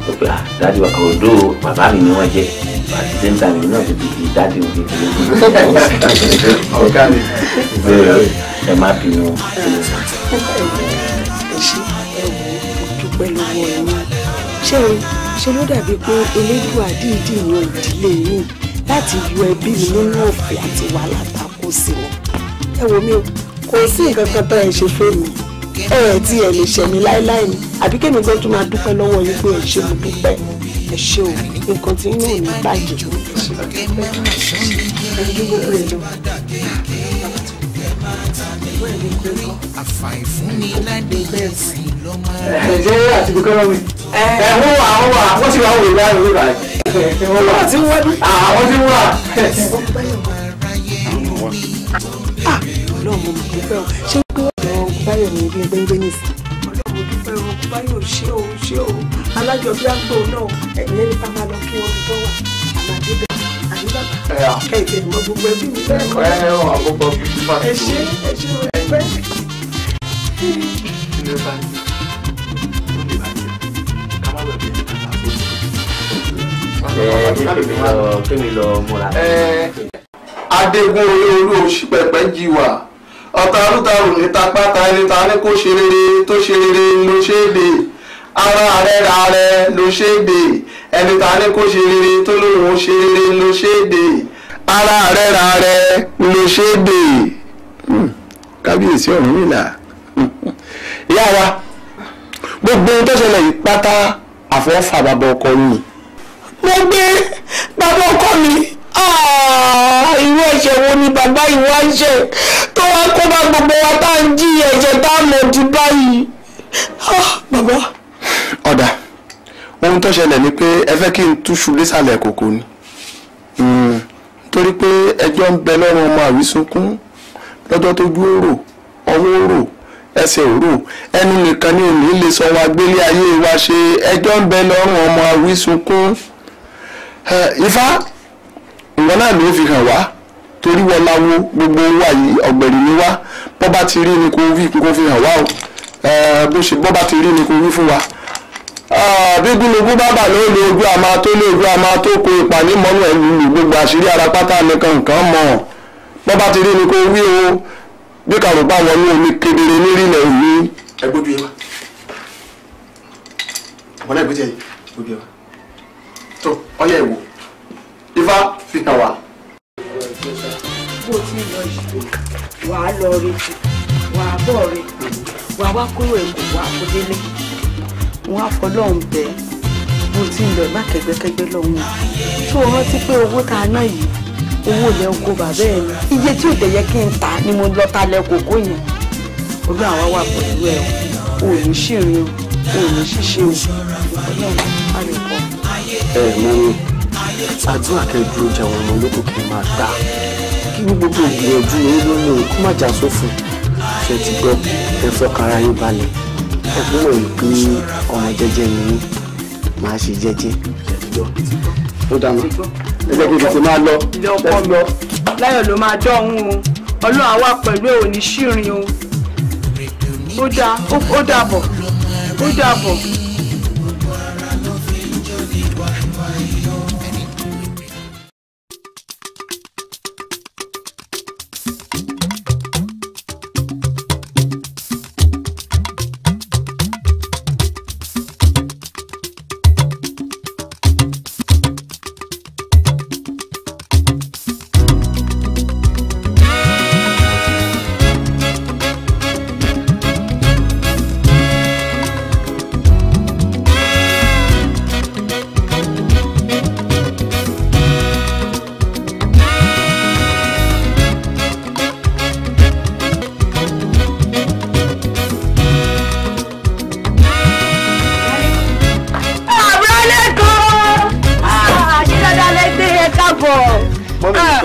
ọkọ̀ odó bàbá mi ni wọ́n jẹ́ àti sẹ́ńtà mi náà ti di dájú mi kékeré ọ̀gá mi ẹ má bínú. pẹ̀lú wọn ni ṣé o ṣe ló dàbí pé elédùn àdìdì yan ìdílé yìí láti yọ ẹbí mi nínú ọ̀fẹ́ àti wàhálà tá a kó sí wọn. ẹ wo mi o kò sí nǹkan kan tó ẹ ṣe fún mi ẹ ẹ tí ẹ lè ṣẹ mi láéláé ni àbí kémi gan tún máa dúpẹ́ lọ́wọ́ yín pé ẹ ṣe mo dúpẹ́ ẹ ṣe o nǹkan tí yín ò ní bàjẹ́ ẹ dúró pẹ̀lú àfàìfúnni ládé jẹ́sí ló máa rẹ̀. ẹ̀jẹ̀ àti bíkọ́lọ́ mi. ẹ wọ́n wà ah, wọ́n wà wọ́n sì wà wọ́n wà lórí rà yìí. wọ́n wà tí wọ́n dún. àwọn tí wọ́n wà. ọlọ́run mo dúpẹ́ o ṣé pé ọ̀rọ̀ báyọ̀ ní ilé gbẹ́ngbẹ́ nìsín. ọlọ́run mo dúpẹ́ o báyọ̀ ṣé o ṣé o alájọbí àgbò náà ẹ̀yìn ẹni tá a máa lọ kí wọ́n fi tọ́ wà àmàdébẹ̀ àbúrò ẹ tẹ mọ gbogbo ẹbí mi bẹ́ẹ̀ kọ́. ẹ ọ àgbọgbọ fífi máa tó. ẹ ṣe ẹ ṣe wọn ẹgbẹ́. ilé bá ní ó lè bá jẹ ká má lọọ bẹ ẹ ká bá bọ. kí ni lọ múra. adégún olóoru oṣù pẹpẹ jí wà ọ̀tá arúgbó ní tapáta ẹni ta ni kò ṣe rere tó ṣe rere ló ṣe é dè ara rẹ̀ ra rẹ̀ ló ṣe é dè ẹni tá a ní kó ṣe rere tó lóun ṣe rere ló ṣe é dè ara rẹ ra rẹ ló ṣe é dè hmm, kábíyèsí ọ̀hún nìlà ìyá wa gbogbo ohun tó ṣẹlẹ̀ yìí pátá àfọwọ́fà bàbá ọkọ mi. mo gbé bàbá ọkọ mi ah, irú ẹ̀ṣẹ̀ wo ni bàbá ìwà ṣe tó wá kó bá gbogbo wa tá à ń jí ẹ̀jẹ̀ tá à mọ̀ jù báyìí. Ah, bàbá ohun tó ṣẹlẹ̀ ni pé ẹ fẹ́ kí n túṣu lésàlẹ̀ kòkó ni hmm, torí pé ẹjọ́ ń bẹ lọ́rùn ọmọ àwísúnkún lọ́jọ́ tó jú òrò ọwọ́ òrò ẹsẹ̀ òrò ẹnu nìkan ni òní lè sọ wa gbélé ayé wa ṣe ẹjọ́ ń bẹ lọ́rùn ọmọ àwísúnkún ifá ìwọ náà ló fi hàn wá torí wọn láwo gbogbo wa yìí ọ̀gbẹ̀rì ni wá bọ́ bá ti rí ni kò fi hàn wá o bó bá ti rí ni kò wí fún wa. Ah, bíbúlùkù bábà ló lo ojú àmà tó lo ojú àmà tó kó ipa nímọ̀nú ẹ̀ lù gbogbo àṣírí ara pátá nìkan nǹkan mọ̀ bọ́ bá ti rí ni kò wí o bí kàrò bá wọnú omi kedere nírìnà òní. ẹ gbójú yẹn wá ọ̀pọ̀lọ́ ìgbésẹ̀ yìí gbójú yẹn wá tó ọyẹ ìwò ifá fi hàn wá. bó o ti lọ yìí wàá lọ retí wàá bọ̀ retí wàá wá kúrò èkó wàá kó délé wọn á fọlọ́run bẹ́ bó ti ń lọ ẹ̀ má kẹ́gbẹ́kẹ́gbẹ́ lọ́hùn ṣó o rántí pé owó tá a ná yìí owó ilẹ̀ oko bàbá ẹ̀ ni iye tí ò dẹ̀ yẹ kí n ta ni mo lọ ta lẹ kòkó yẹn olú àwa wà pẹ̀lú ẹ o ò ní ṣìrìn o ò ní ṣíṣe o ọlọ́run á lè kọ́. ẹ ẹ mọ́mí àdúrà olóko kì í máa gbà kí ní gbogbo ìgbìyànjú yìí ló kó má jà sófin ṣe ti gbọ́ ẹ fọkàrà yín balẹ̀ ẹ kúrò pé ọmọ jẹ́jẹ́ ni mí màá ṣe jẹ́jẹ́ ó dáná ẹgbẹ́ kejì tó máa lọ lọ. láyọ̀ ló máa dọ́hún o ọlọ́run àwa pẹ̀lú ẹ̀ ò ní ṣìrìn o ó dáa ó dáa bọ̀ ó dáa bọ̀.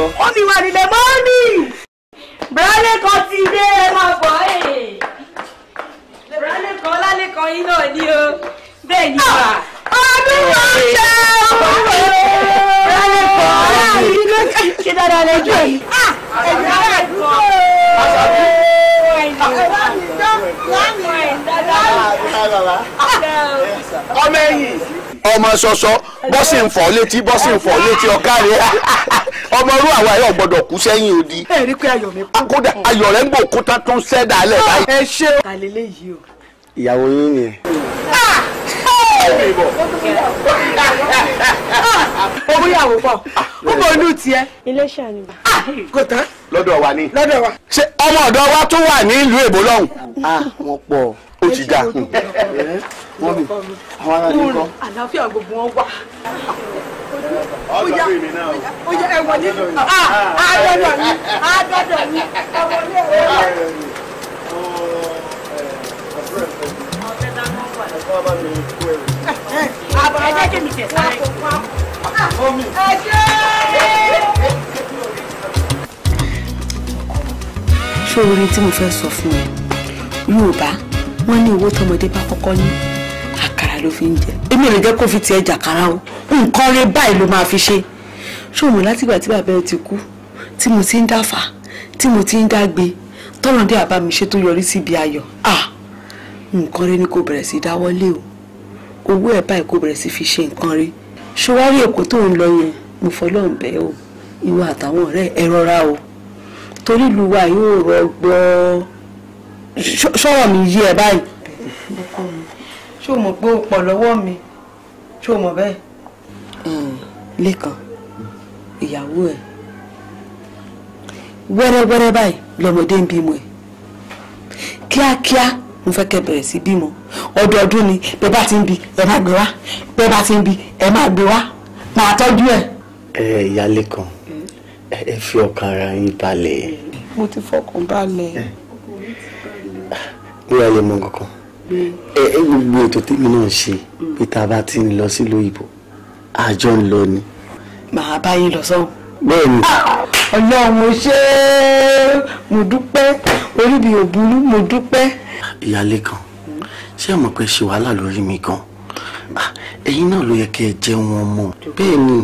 gbọ́. ó mi wà nílẹ̀ mọ́ọ́nì bẹ̀rẹ̀ kan ti dé ẹ máa bọ̀ ẹ̀ bẹ̀rẹ̀ kan lálẹ́ kan yín náà ni o bẹ́ẹ̀ ni wà. ọdún wa ṣe ọmọ rẹ bẹ̀rẹ̀ kan láàrin ló ti ṣe dáadáa lẹ́jọ́ yìí. ẹ̀dá ẹ̀dúró ẹ̀dá ọmọ ẹ̀yìn ọmọ ṣọṣọ bọ́sì ń fọ́ létí bọ́sì ń fọ́ létí ọ̀ká rẹ̀ ọmọrú àwa yóò gbọ́dọ̀ kú sẹ́yìn odi. ẹ rí pé ayọ̀ mi kú. Ah, kódà ayọ̀ rẹ̀ ń bò kúta tó ń sẹ́ dálẹ̀ báyìí. Ah, ẹ ṣe o. kàlẹ́ léyìí o. ìyàwó yín ni. owó ah, yàwó pọ̀ ó bọ̀ inú tiẹ̀. ilé ṣàní. kò tán. lọ́dọ̀ wa ni. lọ́dọ̀ wa. ṣé ọmọ ọ̀dọ́ wa tún wà ní ìlú èbó lọ́hùn. ah wọ́n pọ̀ ó ti dáa wọ́n mi àwọn ará ní kọ́. àlàáfíà gbogbo wọn wà. ọ̀dọ̀ mi náà o yẹ ẹ̀wọ̀n ní àádọ́dọ̀ ní àádọ́dọ̀ ní ẹ̀wọ̀n ní ẹ̀wọ̀n. ẹ jẹ́ kí mi tẹ̀ sáré. Ah, ẹ jẹ́ ṣé orin tí mo fẹ́ sọ fún ẹ Yorùbá wọ́n ní owó tọmọdé bá kọ́kọ́ ní àkàrà ló fi ń jẹ èmi ò lè jẹ́ kó fi tiẹ̀ jàkàrà o nǹkan rẹ báyìí ló máa fi ṣe ṣòwò látìgbà tí bàbá ẹ ti kú tí mo ti ń dáfà tí mo ti ń dágbe tọ́nà dé tó yọrí síbi ayọ̀ ah nǹkan rẹ ni kò bẹ̀rẹ̀ sí dáwọ́lé o owó ẹ̀ báyìí kò bẹ̀rẹ̀ sí fi ṣe nǹkan rẹ ṣọwárí èkó tó ń lọ yẹn mo fọlọ́run bẹ́ẹ̀ o ìwọ àtàwọn ọ̀rẹ́ ẹ rọra o torí ìlú wa yóò rọgbọ́ọ́ ṣọ́rọ̀ mi yí ẹ báyìí. ṣé o mọ̀ pé o pọ̀ lọ́wọ́ mi ṣé o mọ̀ bẹ́ẹ̀. Hmm, lẹ́kàn ìyàwó ẹ̀ wẹ́rẹ́wẹ́rẹ́ báyìí lọ́mọdé ń bímọ ẹ̀ kíákíá mo fẹ́ kẹ́ bẹ̀rẹ̀ sí bímọ ọdọọdún ni bẹ́ẹ̀ bá ti ń bi ẹ máa gbé wá bẹ́ẹ̀ bá ti ń bi ẹ máa gbé wá máa tọ́jú ẹ̀. ẹ ìyá lẹ́kàn ẹ fi ọkàn ara yín balẹ̀. mo ti fọkàn balẹ̀. Eh bóyá lè mọ kankan mm. ẹ ẹ gbogbo ètò tèmi náà ṣe bí tá bá ti ń lọ sílùú òyìnbó àjọ ń lọ ni. màá bá yín lọ sọ́hún. bẹ́ẹ̀ni. Ah! ọlọ́run mo mo dúpẹ́ orí mi ò burú mo dúpẹ́. ìyáálé kan ṣé ẹ pé ṣe wàhálà lórí mi gan ah, ẹ̀yin náà ló yẹ kí ẹ jẹ́ wọn bẹ́ẹ̀ ni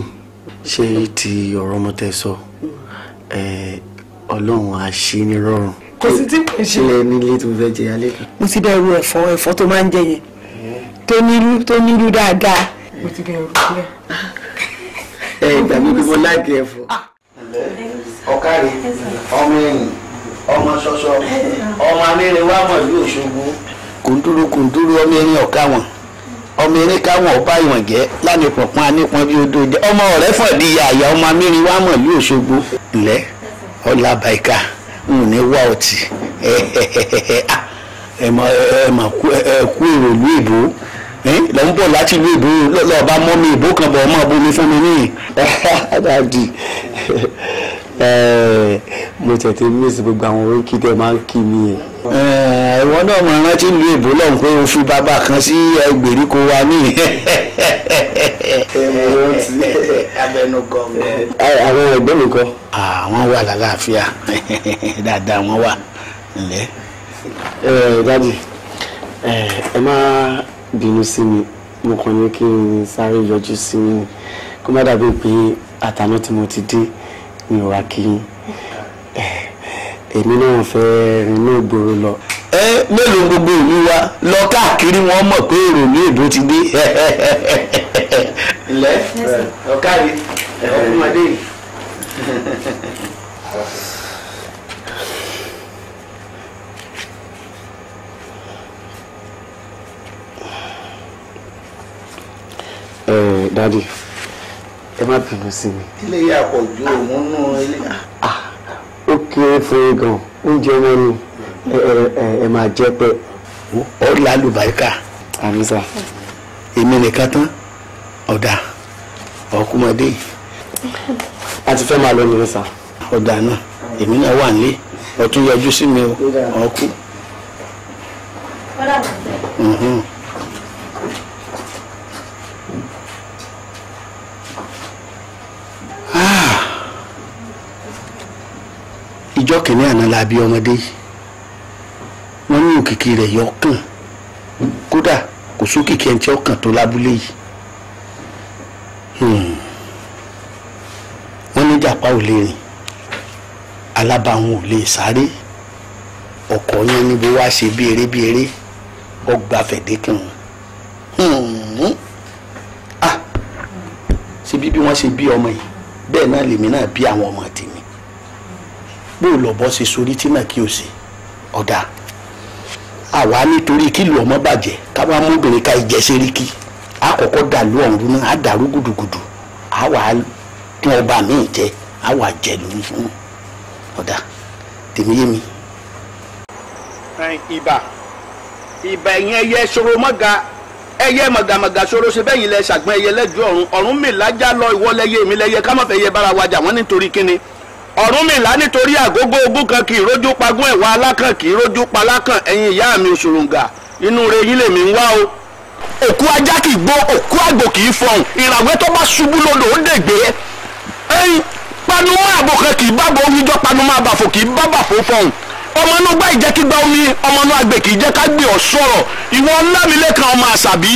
ṣe ti ọ̀rọ̀ ọmọ tẹ́ sọ mm. ọlọ́run àṣírí rọrùn kò sí tí kò ṣe. ilé nílé tó fẹ́ jẹ alẹ́ kan. mo ti bẹ̀rù ẹ̀fọ́ ẹ̀fọ́ tó máa ń jẹ yẹn tó nílú tó nílú dáadáa. mo ti bẹ̀rù díẹ̀. ẹ ìgbà mi ni mo láàgì ẹ̀fọ́. Ah. ọ̀kàrí ọmọ ẹ̀yìn ọmọ ṣọṣọ ọmọ amẹ́rin wà mọ̀ ní Òṣogbo. kòńdúró kòńdúró ọmọ ẹ̀yìn ọ̀ká wọn ọmọ erin káwọn ọba ìwọ̀n jẹ́ lánàá pọ̀npọ́n anípọn bí odò jẹ́ ọmọ ọ̀rẹ́fọ̀dìyà àyà ọmọ amẹ́rin wà mọ̀ ní Òṣogbo. ǹlẹ́ ọlá bàìkà n ní wá ọtí ẹ mà ẹ mà kú èrò ìlú ìbò lọ ń bọ̀ láti ìlú ìbò lọ́ọ́ bá mọ́ mi ìbò kan bọ̀ ọmọ abúlé fún mi ní Eh, mo tètè mísì gbogbo àwọn oríkì tẹ máa ń kí mi. Eh, ìwọ náà mo rántí ìlú èbó lọ́hùn pé o fi bàbá kan sí ìgbèríko wa ní. Eh, àwọn ẹgbẹ́ mi kọ́. àwọn wà lálàáfíà dáadáa wọ́n wà nílẹ̀. dádì ẹ má bínú sí mi mo kàn ní kí n sáré yọjú sí mi kó má dàbí pé àtàná tí mo ti dé mi wá kí yín èmi náà fẹ́ rin ní ìgboro lọ. ẹ mélòó gbogbo ìlú wa lọ káàkiri wọn mọ̀ pé èrò ní èdò ti dé. ilẹ̀ ọ̀kadì ọ̀kùnmọ̀dé yìí. Eh, daddy ẹ má bínú sí mi. ilé yà pọ̀ ju òun nù ilé. Ah, ó kéré fún yín gan oúnjẹ wọn ni ẹ máa jẹ pẹ́. ọ̀la lùbáríkà. àmì sà. èmi nìkan tán ọ̀dà ọkùnmọdé yìí. a ti fẹ́ máa lọ nìyẹn sà. ọ̀dà náà èmi náà wà nílé ọtún yọjú sí mi ọkù. ọ̀dà náà. Ah! ìjọ kìnní àná la bí ọmọdé wọn ní òkìkí rẹ̀ yọ kàn kódà kò sókìkí ẹni tí ó kàn tó lábúlé yìí hmm. wọn ní jàpá ò lè rìn alábàáwọn ò lè sáré ọkọ̀ yẹn níbo wá ṣe bí eré bí eré ọgbà fẹ̀dẹ́kùn hmm. ah ṣe bí bí wọ́n ṣe bí ọmọ yìí bẹ́ẹ̀ náà lèmi náà bí àwọn ọmọ tèmi bó lọ́bọ́ ṣe sórí tí náà kí o ṣe ọ̀dà àwa nítorí kí lu ọmọ bàjẹ́ ká wá mọ́bìnrin ká ìjẹ́ sẹ́ríkì á kọ́kọ́ dàlú ọ̀run náà á dàrú gùdùgùdù á wà á tún ọba míì jẹ á wà jẹ lórí fún ọ̀dà tèmi yé mi. ibà ibà yẹn yẹ ṣòro mọ́ga ẹyẹ màgàmàgà ṣòro ṣe bẹ́yìn lẹ ṣàgbọ́n ẹyẹ lẹ́jọ́ ọ̀run Ọ̀rúnmìlà já lọ ìwọ lẹ́yẹ mi lẹ́yẹ ká má fẹ́ yẹ bára wa jà nítorí kíni Ọ̀rúnmìlà nítorí àgógó ogún kan kì í rójú pagún ẹ̀wà alákàn kì í rójú palákàn ẹ̀yin ìyá mi òṣòròǹgà inú re yín lèmi ń wá o. òkú ajá kì í gbó òkú àgbò kì í fọhùn ìràwé tó bá ṣubú lodò ó dègbé ẹyin panumọ́ kì í bá bò ó wíjọ́ panumọ́ àbàfò kì í bá bàfò ọmọ inú gbá ìjẹ́kígbá omi ọmọ inú agbè kì í jẹ́ ká gbé ọ sọ̀rọ̀ ìwọ ọlámilékan ọmọ àṣàbí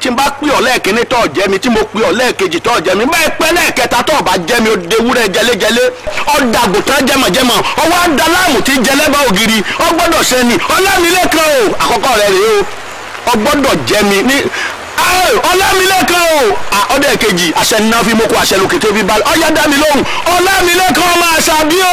tí n bá pè ọ lẹ́ẹ̀kínní tó jẹ́ mi tí mo pè ọ lẹ́ẹ̀kejì tó jẹ́ mi báyìí pẹ́ lẹ́ẹ̀kẹta tó bá jẹ́ mi ó dewúrẹ́ jẹlẹ́jẹlẹ́ ọ̀dàgùtàn jẹmọ̀jẹmọ̀ ọwọ́ adaláàmù ti jẹlẹ́bà ògiri ọgbọ́dọ̀ sẹ́ni ọlámilékan o àkọ́kọ́ rẹ̀ rèé o ọgbọ́dọ̀ jẹ́ mi ní ọlámilékan o ọdẹ kejì àṣẹ nná fi mọ́kù àṣẹ lòkè tó fi balẹ̀ ọ̀yá dá mi lóhùn ọlámilékan ọmọ àṣàbí o.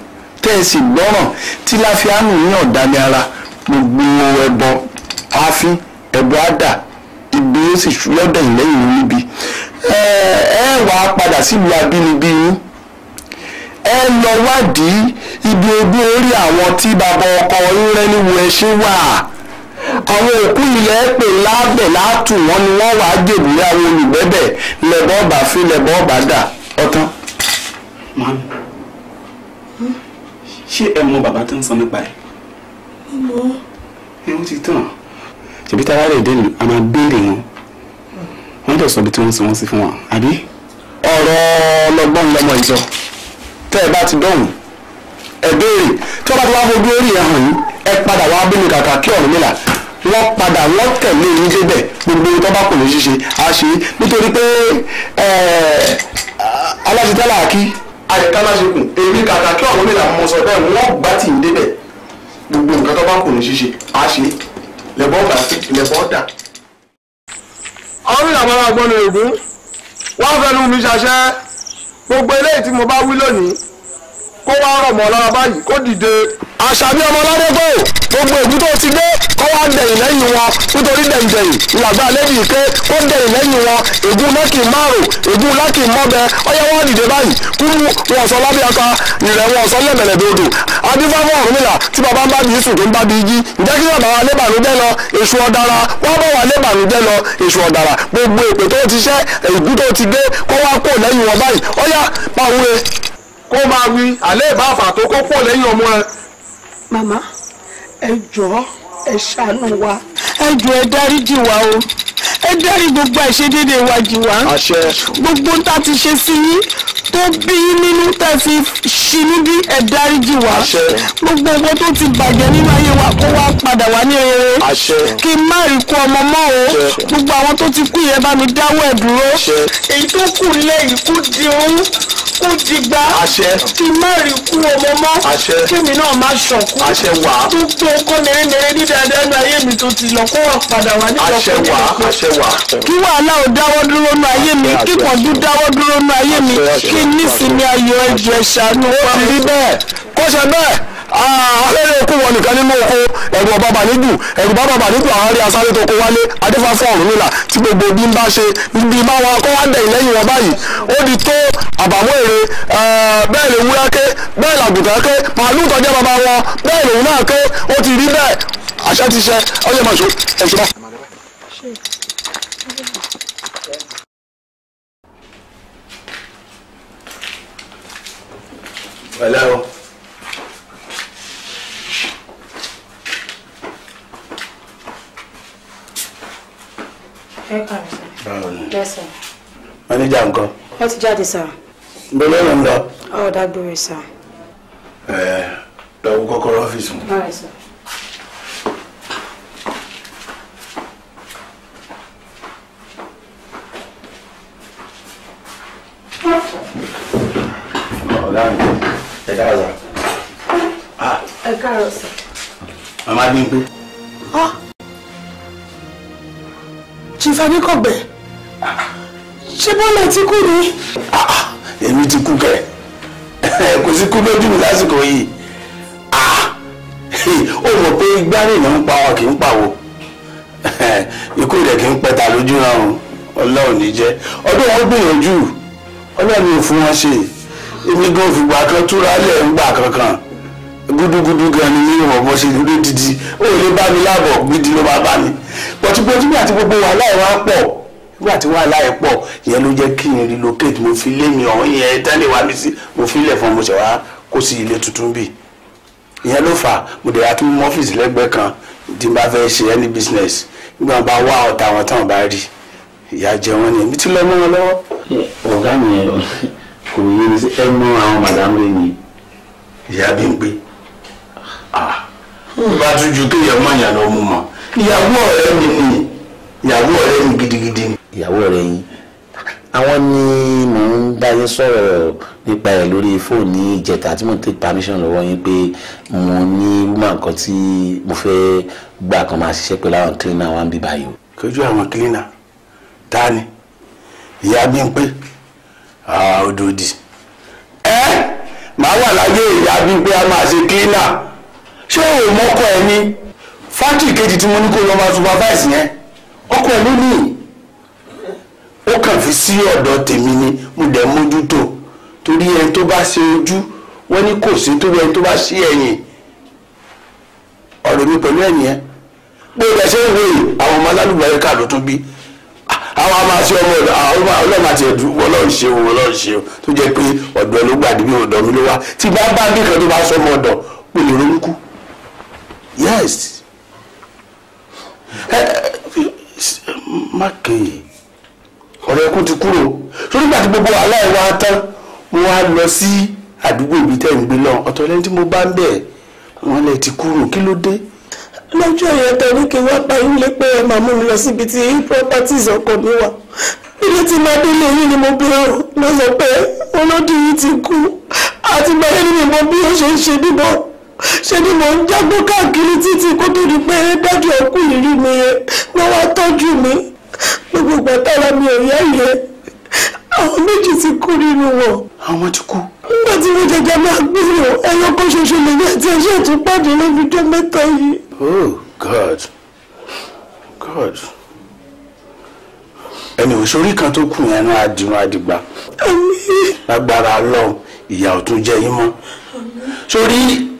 tẹ́ ẹ sì gbọ́ràn tí láfíánù ní ọ̀dàmì ara gbogbo ẹbọ ààfin ẹbọ àdà ibi ó sì lọ́dọ̀ ìlẹ́yìn níbi ẹ ẹ wàá padà sílùú abínibí yín ẹ lọ wádìí ibi ojú orí àwọn tí bàbá ọkọ yín rẹ́ níwò ẹṣin wà àwọn òkú ilẹ̀ pè lábẹ̀ látù wọn ni wọ́n wàá jèbúrẹ́ àwọn olùgbẹ́bẹ̀ lẹ́bọ̀ ọ̀bà fi lẹ́bọ̀ ọ̀bà dà ọ̀tán. màmí ṣé ẹ mọ bàbá tó ń san nípa ẹ. ọmọ. ẹ wọ́n ti tàn ṣèbí tára rẹ̀ dẹ́nu a máa béèrè wọn wọ́n jọ sọ bí tí wọ́n san wọ́n sí fún wa àbí. ọ̀rọ̀ ọlọ́gbọ́n lọmọ ìjọ tẹ́ ẹ bá ti dọ̀hùn ẹ béèrè tí wọ́n bá ti wá fojú orí ẹ hàn yín ẹ padà wá bínú kàkà kí ọ̀run mìlá wọ́n padà wọ́n tẹ̀lé yín débẹ̀ gbogbo tó bá kò ní ṣíṣe àṣe nítorí pé aláṣetálà kí àyíkáláṣekùn èmi kàkà kí àwọn onílà mọ sọ bẹ́ẹ̀ wọ́n gbá tì í débẹ̀ gbogbo nǹkan tó bá kù ní ṣíṣe á ṣe lẹ́bọ̀ dà. àwọn onílà máa gbọ́n ní ègún wọ́n fẹ́ nu mi ṣàṣẹ gbogbo eléyìí tí mo bá wí lónìí kó wá rọ̀ mọ́ lára báyìí kó dìde. àṣàbí ọmọ ládégbò gbogbo ègún tó ti dé kó wá dẹ̀yìn lẹ́yìn wọn nítorí dẹ̀yìndẹ̀yìn ìlàgbà lẹ́bi ìké kó dẹ̀yìn lẹ́yìn wọn ègún lẹ́kì márùn ègún lákì mọ́bẹ ọyẹ wọn dìde báyìí kúrú wọn sọ lábẹ́ ọkọ ìrẹ̀ wọn sọ lẹ́bẹ̀rẹ̀ bòdò adífáfọ́ ọ̀rúnmìlà tí bàbá ń bá bí sùn tó ń bá bí jí ǹjẹ́ kí bàbá wa lébànújẹ́ lọ èṣù ọ̀dàrà wọ́n bọ̀ wá lébànújẹ́ lọ èṣù ọ̀dàrà gbogbo èpè tó ti ṣẹ́ ègún tó ti gé kó wá kó lẹ́yìn wọn báyìí kó máa wí àlẹ́ ìbáfà tó kó pọ̀ lẹ́yìn ọmọ ẹ. màmá ẹ jọ̀ọ́ ẹ ṣàánú wa ẹ jọ̀ọ́ ẹ dáríjì wa o ẹ dárí gbogbo àìṣedéédé wa jì wá gbogbo tá a ti ṣe sí yín tó bí nínú tẹ́ fi ṣí níbí ẹ dáríjì wá gbogbo owó tó ti bàjẹ́ nínú ayé wa kó wá padà wá ní rere kí n má rí kú ọmọ mọ́ o gbogbo àwọn tó ti kú yẹn bá mi dáwọ́ ẹ̀ dúró èyí tó kù lẹ́yìn kú di ohun kú digba kí n má rí kú ọmọ mọ́ kémi náà má ṣọ̀kú gbogbo nǹkan mèremère ní dáadáa ní ayé mi tó ti lọ kó wà padà wá nílọkùnrin kí wàhálà ò dáwọ́ dúró nú ayé mi kíkànjú dáwọ́ dúró nú ayé mi kí nísìnyí ayọ̀ ẹ̀jẹ̀ ṣàánú wa. kó ṣe bẹ́ẹ̀ alẹ́rẹ́ ah, kú wọn nìkan nínú oko ẹ̀rù ọba bàníjù ẹ̀rù bá bàníjù àwọn ará tó kó wálé adéfà ọ̀run nílà tí gbogbo bí ń bá ṣe bí bá wọn kọ́ wá dẹ̀yìn lẹ́yìn wọn báyìí ó di tó àbámọ́ èrè eh, bẹ́ẹ̀ lè wúrẹ́ ké bẹ́ẹ̀ làgùtàn ké màálù tọ́jú bàbá wọn bẹ́ẹ̀ lòun náà ké ó ti rí bẹ́ẹ̀ àṣẹ ti ṣe ọyẹ màṣọ ẹ̀ṣọ́ bá. Hello. manager nǹkan. wọ́n ti jáde sá. bọ́lá ẹ̀rọ ń lọ. ọ̀ dágbére sá. ẹ lọ́wọ́ kọ́kọ́rọ́ ọ́fíìsì mu. ọ̀gá mi ẹ dára sá. Ah, ẹ káàárọ̀ sá. màmá dín pé. Ah, Chief Adékọ̀gbẹ́ ṣé bọ́lá ti kú ni. èmi ti kú kẹ kò sí kú lójú mi lásìkò yìí ó mọ̀ pé gbárìnà ń pa wọn kì í pàwọ́ ikú rẹ̀ kì í pẹta lójú rárun ọlọ́run ní jẹ́ ọdún wọn gbìyànjú ọlọ́run ò fún wọn ṣe èmi gan fìgbà kan túra lẹ̀ ń gbà kankan gúdúgúdú gan ni mi ìwọ̀n bó ṣe dúró didi ó lè bá mi láàbọ̀ gidi ló máa bá mi pọtipọti bí àti gbogbo wàhálà ẹ̀ wá pọ̀ nígbà tí wàhálà ẹ̀ pọ̀ ìyẹn ló jẹ́ kí n relocate mo fi lé mi ọ̀hún yẹn tẹ́lẹ̀ wá mi sí mo fi lẹ̀ fún mo ṣẹ̀ wá kó sí ilé tuntun bì ìyẹn ló fà mo dẹ̀ yà tún ọ́fíìsì lẹ́gbẹ̀ẹ́ kan tí n bá fẹ́ ṣe any business nígbà wọn bá wá ọ̀tá wọn táwọn bá rí ìyá jẹ wọn ni èmi ti lọ mọ́ wọn lọ́wọ́. ọ̀gá mi kò yé ẹ mọ àwọn màdàmú rẹ ni. ìyá bí ń gbé. Ah, a tún ju kéèyàn má yàn lọ mú ma ìyàwó ọ̀rẹ́ mi ni ìyàwó ọ̀rẹ́ mi gidigidi ni. ìyàwó ọ̀rẹ́ yín àwọn ni mò ń bá yín sọ̀rọ̀ nípa ẹ̀ lórí fóònù ìjẹta tí mo take permission lọ́wọ́ yín pé mo ní woman kan tí mo fẹ́ gbà kan máa ṣiṣẹ́ pẹ̀lú àwọn cleaner wa ń bí báyìí o. kojú àwọn cleaner ta ni ìyá Bímpé odòdì ẹ màá wà láyé ìyá Bímpé a máa ṣe cleaner ṣé o mọ́kọ ẹ ní fátìrì kejì tí mo ní kó lọ máa supervise yẹn ọkọ ẹ ló ní ó kàn fi sí ọ̀dọ̀ tèmi ni mo dẹ̀ mójútó torí ẹni tó bá ṣe ojú wọ́n ní kò sí torí ẹni tó bá ṣe ẹ̀yìn ọ̀rọ̀ mi pẹ̀lú ẹ̀yìn yẹn pé ẹ ṣe ń wo yìí àwọn ọmọ alálùbáyé ká ló tún bí àwọn a máa ṣe ọmọ ọlọ́mọ àti ẹ̀dùn ọlọ́run ṣe o ọlọ́run ṣe o tó jẹ́ pé ọ̀dọ̀ ló gbàdúgbò ọ̀dọ̀ mi ló wá tí bá bá bí kan tó bá sọ ọmọ ọ̀dọ̀ pé ronú kú. Yes. Mákèyí, ọrụ ẹkún ti kúrò. Ṣé gbogbo aláìwá tán, mo wá lọ sí àdúgbò ibi tẹ́ lọ. Ọ̀tọ̀ tí mo bá ń bẹ̀, ti kúrò. Kí ló dé? Lọ́jọ́ ìyẹn tẹ ní kí n wá pa ọkọ mi wà. Ilé tí máa délé ni mo bí ọ̀rọ̀ sọ ti kú. Àtìgbà yẹn ni mo bí ṣe ni mò ń jágbó káàkiri títí kó tó di pé dájú ọkù yìí rí mi yẹn ló wá tọ́jú mi gbogbo ìgbà tára mi ò yá yẹn àwọn méjì ti kú nínú wọn. àwọn ti kú. nígbà tí mo jẹjẹ máa gbúrò ẹyọ kan ṣoṣo lèmi àti ẹṣẹ tó pàdé lóbi jọ mẹ́ta yìí. oh god god ẹni òṣòrí kan tó kù yẹn náà adìrún adìgbà. àmín. lágbára lọ ìyà ò tún jẹ yín mọ́ sórí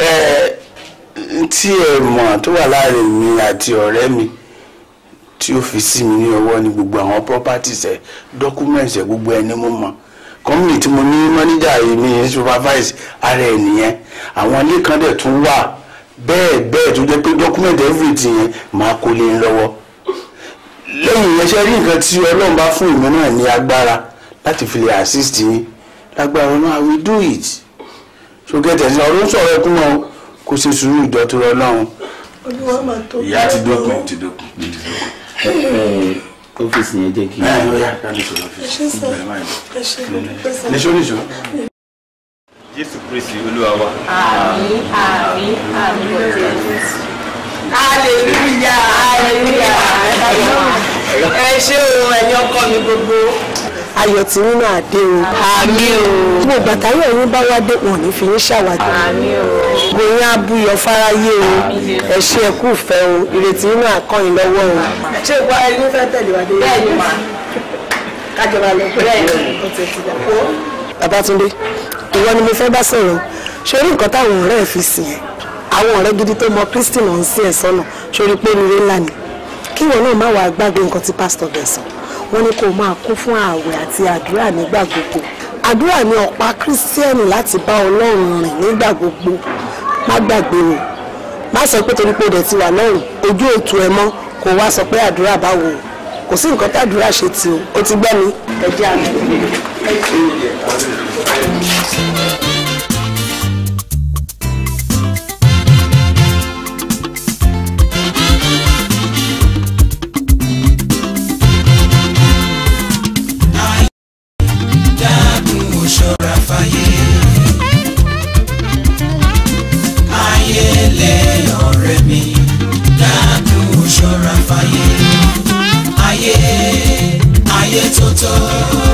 tí ẹ̀wọ̀n tó wà láàrin mi àti ọ̀rẹ́ mi tí ó fi sí mi ní ọwọ́ ní gbogbo àwọn properties ẹ̀ documents ẹ̀ gbogbo ẹni mo mọ̀ company tí mo ní manager mi supervise ara ẹ̀ nìyẹn àwọn ilé kan dẹ̀ tún wà bẹ́ẹ̀ bẹ́ẹ̀ tó jẹ́ pé document everything yẹn máa kó lé e lọ́wọ́ lẹ́yìn yẹn ṣe rí nǹkan tí ọlọ́run bá fún ìmọ̀ náà ní agbára láti fi lè assist yín lágbára náà I do it sókè tẹ̀sí ọ̀rọ̀ ń sọ̀rọ̀ ẹkún wọn kó ṣe sùúrù ìjọ tó rọ lọ́run. ìyá ti dókun ti dókun ti dókun. ọ́fíìsì yẹn jẹ́ kí. ẹ ẹ lọ́yà kálí sọ̀rọ̀ ọ́fíìsì ìgbàlẹ́ máa yẹ. níṣó níṣó. jésù kristi olúwa wa. àmín àmín àmín lórí jésù. hallelujah hallelujah ẹ ṣé o ẹ̀yin ọkọ mi gbogbo ayọ̀ tí nínú àdé o. àmín o. gbogbo bàtàyọ̀ yín bá wá dé wọn ní fi yín o. gbòyìn abúyọ fáráyé o ẹ ṣé ẹ kú fẹ́ o ìrètí nínú àkọyìn lọ́wọ́ o. ṣé ìwà ẹni fẹ́ tẹ̀lé wa dé. bẹ́ẹ̀ ni mà kájọba lọ bẹ́ẹ̀ ni ọ̀tẹ̀ ti dà. Babátúndé ìwọ ni mo fẹ́ bá sọ̀rọ̀ ṣorí nǹkan táwọn ọ̀rẹ́ ẹ̀ fi sìn ẹ́ àwọn ọ̀rẹ́ gidi tó mọ Kristi náà ń sìn ẹ̀ sọ́nà ṣorí pé nire ńlá ni kí ìwọ náà má wàá gbàgbé nǹkan tí pásítọ̀ bẹ̀ sọ wọ́n ní kó máa kún fún ààwẹ̀ àti àdúrà nígbà gbogbo àdúrà ni ọ̀pá kírísítẹ́nì láti bá ọlọ́run rìn nígbà gbogbo má gbàgbé o má sọ pé torí pé o dẹ̀ ti wà lọ́rùn ojú ètò ẹ mọ́ kó wá sọ pé àdúrà báwo o kò sí nǹkan tàdúrà ṣe tí o ó ti gbẹ́ mi ẹ jẹ́ àmì. ṣọ́ra fàyè ayé ayé tó tọ́.